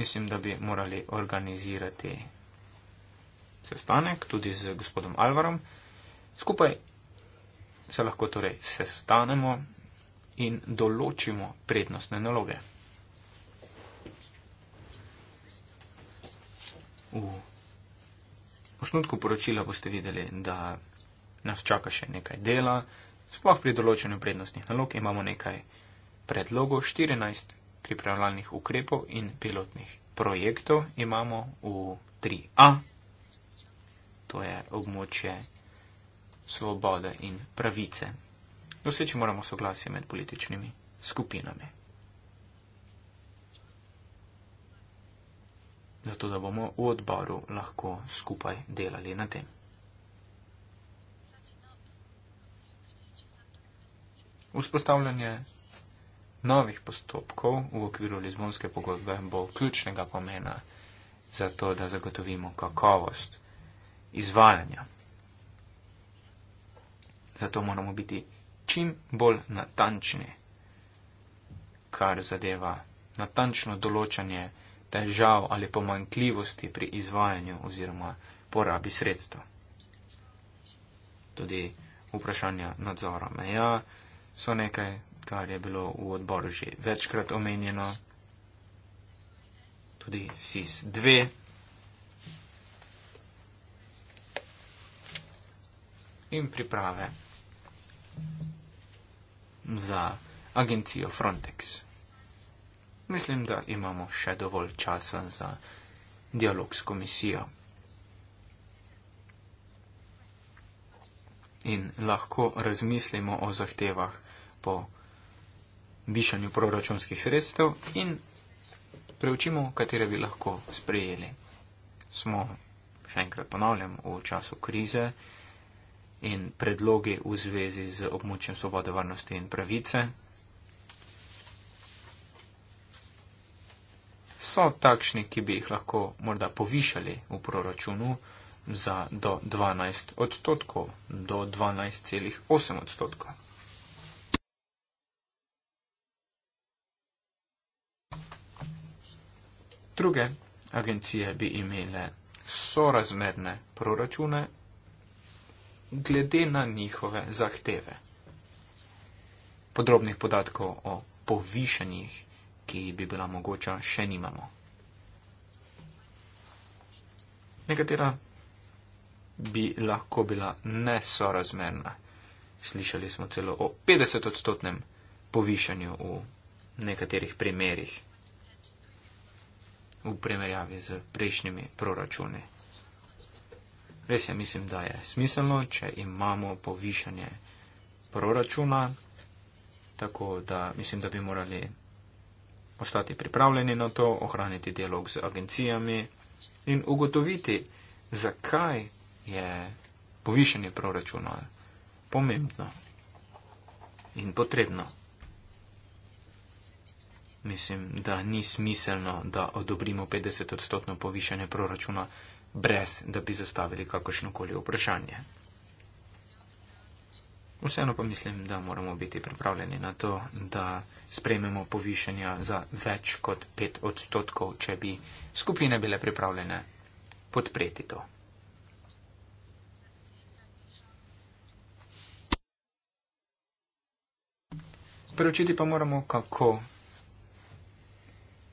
Mislim, da bi morali organizirati sestanek tudi z gospodom Alvarom. Skupaj se lahko torej sestanemo in določimo prednostne naloge. V osnutku poročila boste videli, da nas čaka še nekaj dela, sploh pri določenju prednostnih nalog imamo nekaj predlogov, 14 pripravljalnih ukrepov in pilotnih projektov imamo v 3A to je območje svobode in pravice. Doseči moramo soglasje med političnimi skupinami. Zato, da bomo v odboru lahko skupaj delali na tem. Vzpostavljanje novih postopkov v okviru Lizbonske pogodbe bo ključnega pomena za to, da zagotovimo kakovost izvajanja. Zato moramo biti čim bolj natančni, kar zadeva natančno določanje težav ali pomankljivosti pri izvajanju oziroma porabi sredstva. Tudi vprašanja nadzora meja so nekaj, kar je bilo v odboru že večkrat omenjeno. Tudi SIS 2 in priprave za agencijo Frontex. Mislim, da imamo še dovolj časa za dialog s komisijo. In lahko razmislimo o zahtevah po višanju proračunskih sredstev in preučimo, katere bi lahko sprejeli. Smo, še enkrat ponavljam, v času krize in predlogi v zvezi z območjem svobode, varnosti in pravice. So takšni, ki bi jih lahko morda povišali v proračunu za do 12 odstotkov, do 12,8 odstotkov. Druge agencije bi imele sorazmerne proračune glede na njihove zahteve. Podrobnih podatkov o povišanjih, ki bi bila mogoča, še nimamo. Nekatera bi lahko bila nesorazmerna. Slišali smo celo o 50-odstotnem povišanju v nekaterih primerjih v primerjavi z prejšnjimi proračuni. Res je, mislim, da je smiselno, če imamo povišanje proračuna, tako da mislim, da bi morali ostati pripravljeni na to, ohraniti dialog z agencijami in ugotoviti, zakaj je povišanje proračuna pomembno in potrebno. Mislim, da ni smiselno, da odobrimo 50-odstotno povišanje proračuna brez da bi zastavili kakršnokoli vprašanje. Vseeno pa mislim, da moramo biti pripravljeni na to, da sprejmemo povišanja za več kot pet odstotkov, če bi skupine bile pripravljene podpreti to. Preučiti pa moramo, kako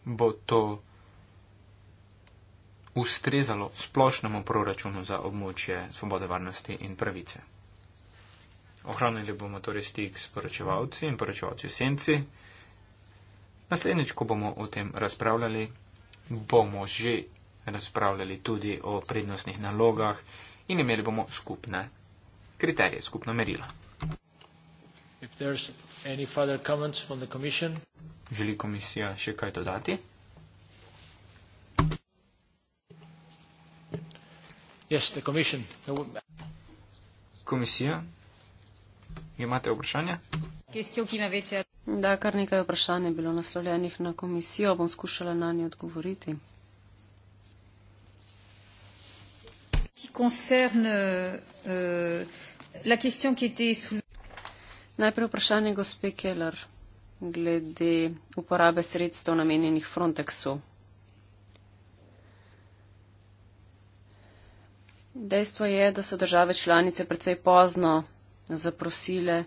bo to ustrezalo splošnemu proračunu za območje svobode varnosti in pravice. Ohranili bomo torej stik s poročevalci in poročevalci v senci. Naslednjič, ko bomo o tem razpravljali, bomo že razpravljali tudi o prednostnih nalogah in imeli bomo skupne kriterije, skupna merila. Želi komisija še kaj dodati? Yes, the commission. Komisija, imate vprašanja? Da, kar nekaj vprašanj je bilo naslovljenih na komisijo, bom skušala na nje odgovoriti. Eh, Najprej vprašanje gospe Keller glede uporabe sredstev namenjenih Frontexu. Dejstvo je, da so države članice precej pozno zaprosile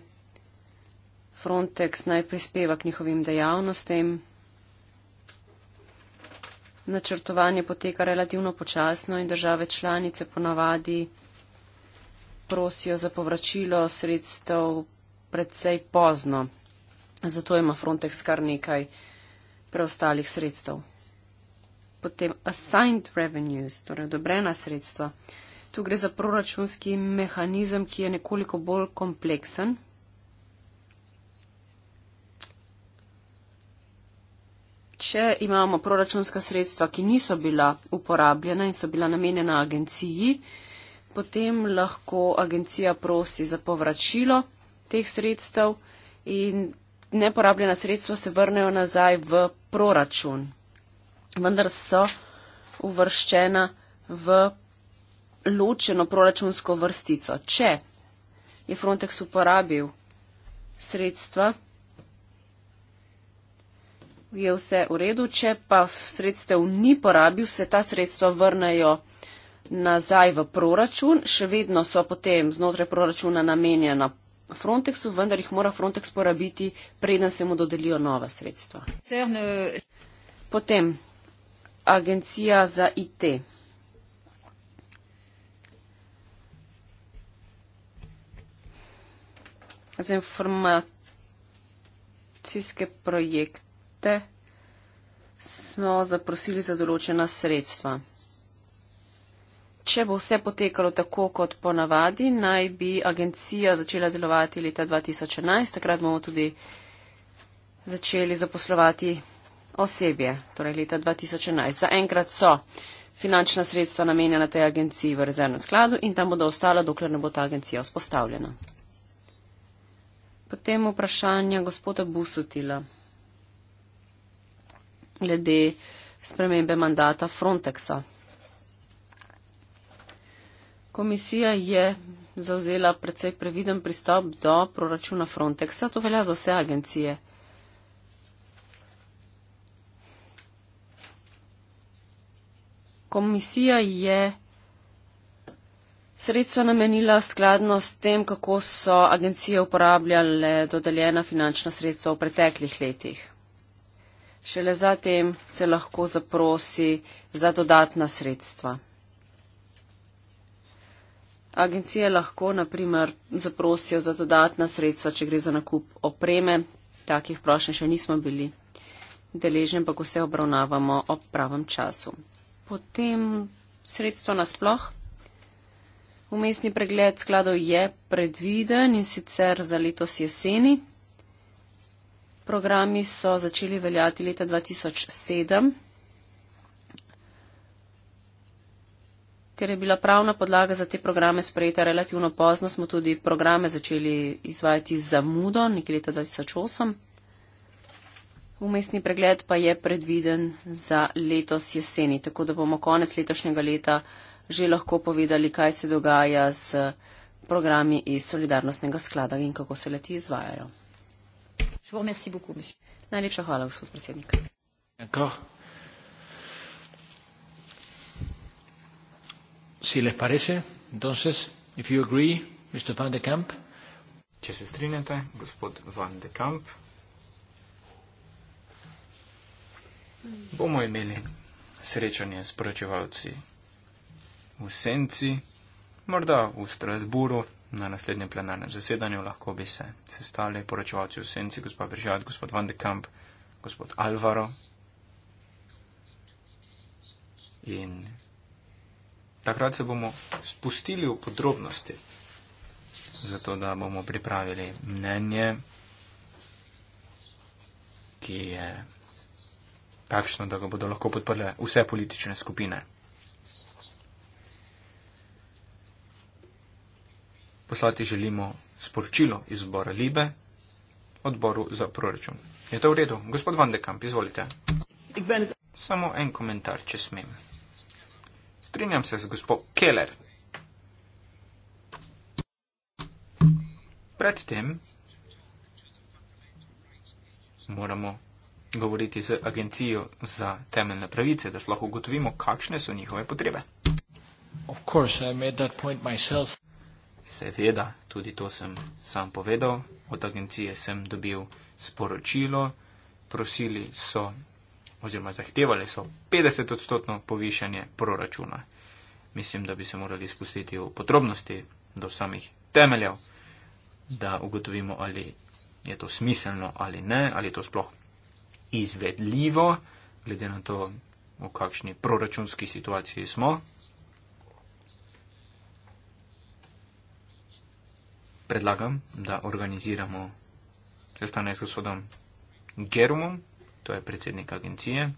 Frontex naj prispeva k njihovim dejavnostem. Načrtovanje poteka relativno počasno in države članice ponavadi prosijo za povračilo sredstev precej pozno. Zato ima Frontex kar nekaj preostalih sredstev. Potem assigned revenues, torej odobrena sredstva. Uh, Tu gre za proračunski mehanizem, ki je nekoliko bolj kompleksen. Če imamo proračunska sredstva, ki niso bila uporabljena in so bila namenjena agenciji, potem lahko agencija prosi za povračilo teh sredstev in neporabljena sredstva se vrnejo nazaj v proračun. Vendar so uvrščena v ločeno proračunsko vrstico. Če je Frontex uporabil sredstva, je vse v redu. Če pa sredstev ni porabil, se ta sredstva vrnejo nazaj v proračun. Še vedno so potem znotraj proračuna namenjena. Frontexu, vendar jih mora Frontex porabiti, preden se mu dodelijo nova sredstva. Potem agencija za IT. za informacijske projekte smo zaprosili za določena sredstva. Če bo vse potekalo tako kot ponavadi, naj bi agencija začela delovati leta 2011, takrat bomo tudi začeli zaposlovati osebje, torej leta 2011. Za enkrat so finančna sredstva namenjena tej agenciji v rezervnem skladu in tam bodo ostala, dokler ne bo ta agencija vzpostavljena. Potem vprašanja gospoda Busutila glede spremembe mandata Frontexa. Komisija je zauzela predvsej previden pristop do proračuna Frontexa, to velja za vse agencije. Komisija je sredstva namenila skladno s tem, kako so agencije uporabljale dodeljena finančna sredstva v preteklih letih. Šele zatem se lahko zaprosi za dodatna sredstva. Agencije lahko, naprimer, zaprosijo za dodatna sredstva, če gre za nakup opreme. Takih prošen še nismo bili deležni, ampak vse obravnavamo ob pravem času. Potem sredstva nasploh. Umestni pregled skladov je predviden in sicer za letos jeseni. Programi so začeli veljati leta 2007, ker je bila pravna podlaga za te programe sprejeta relativno pozno, smo tudi programe začeli izvajati z zamudo, nekje leta 2008. Umestni pregled pa je predviden za letos jeseni, tako da bomo konec letošnjega leta že lahko povedali, kaj se dogaja s programi iz Solidarnostnega sklada in kako se leti izvajajo. Najlepša hvala, gospod predsednik. Če se strinjate, gospod Van de Kamp, bomo imeli srečanje s poročevalci v senci, morda v Strasburu, na naslednjem plenarnem zasedanju lahko bi se sestali poročevalci v senci, gospod Bržat, gospod Van de Kamp, gospod Alvaro. In takrat se bomo spustili v podrobnosti, zato da bomo pripravili mnenje, ki je takšno, da ga bodo lahko podprle vse politične skupine. poslati želimo sporočilo iz zbora Libe odboru za proračun. Je to v redu? Gospod Vandekamp, izvolite. Ben... Samo en komentar, če smem. Strinjam se z gospod Keller. Predtem moramo govoriti z Agencijo za temeljne pravice, da lahko ugotovimo, kakšne so njihove potrebe. Of course, I made that point myself. Seveda, tudi to sem sam povedal. Od agencije sem dobil sporočilo, prosili so oziroma zahtevali so 50 odstotno povišanje proračuna. Mislim, da bi se morali spustiti v podrobnosti do samih temeljev, da ugotovimo, ali je to smiselno ali ne, ali je to sploh izvedljivo, glede na to, v kakšni proračunski situaciji smo, predlagam, da organiziramo sestanek s gospodom Germom, to je predsednik agencije.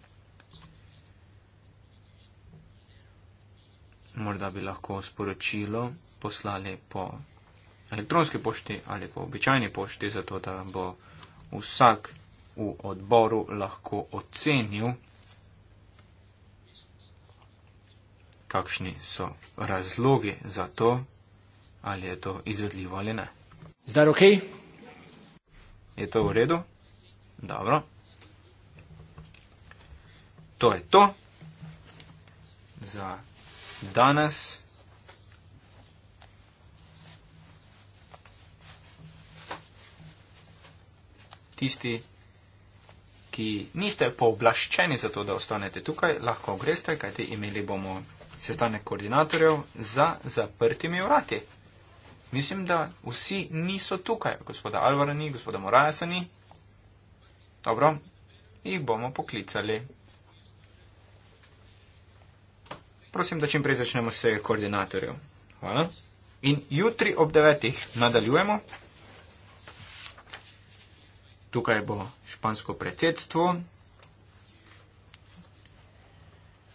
Morda bi lahko sporočilo poslali po elektronski pošti ali po običajni pošti, zato da bo vsak v odboru lahko ocenil, kakšni so razlogi za to, ali je to izvedljivo ali ne. Zdaj ok? Je to v redu? Dobro. To je to za danes. Tisti, ki niste pooblaščeni za to, da ostanete tukaj, lahko greste, kajti imeli bomo sestanek koordinatorjev za zaprtimi vrati. Mislim, da vsi niso tukaj. Gospoda Alvara ni, gospoda Morajasa ni. Dobro, jih bomo poklicali. Prosim, da čim prej začnemo se koordinatorjev. Hvala. In jutri ob devetih nadaljujemo. Tukaj bo špansko predsedstvo.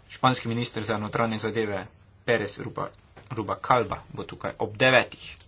Španski minister za notranje zadeve Perez Rupert Ruba Kalba bo tukaj ob devetih.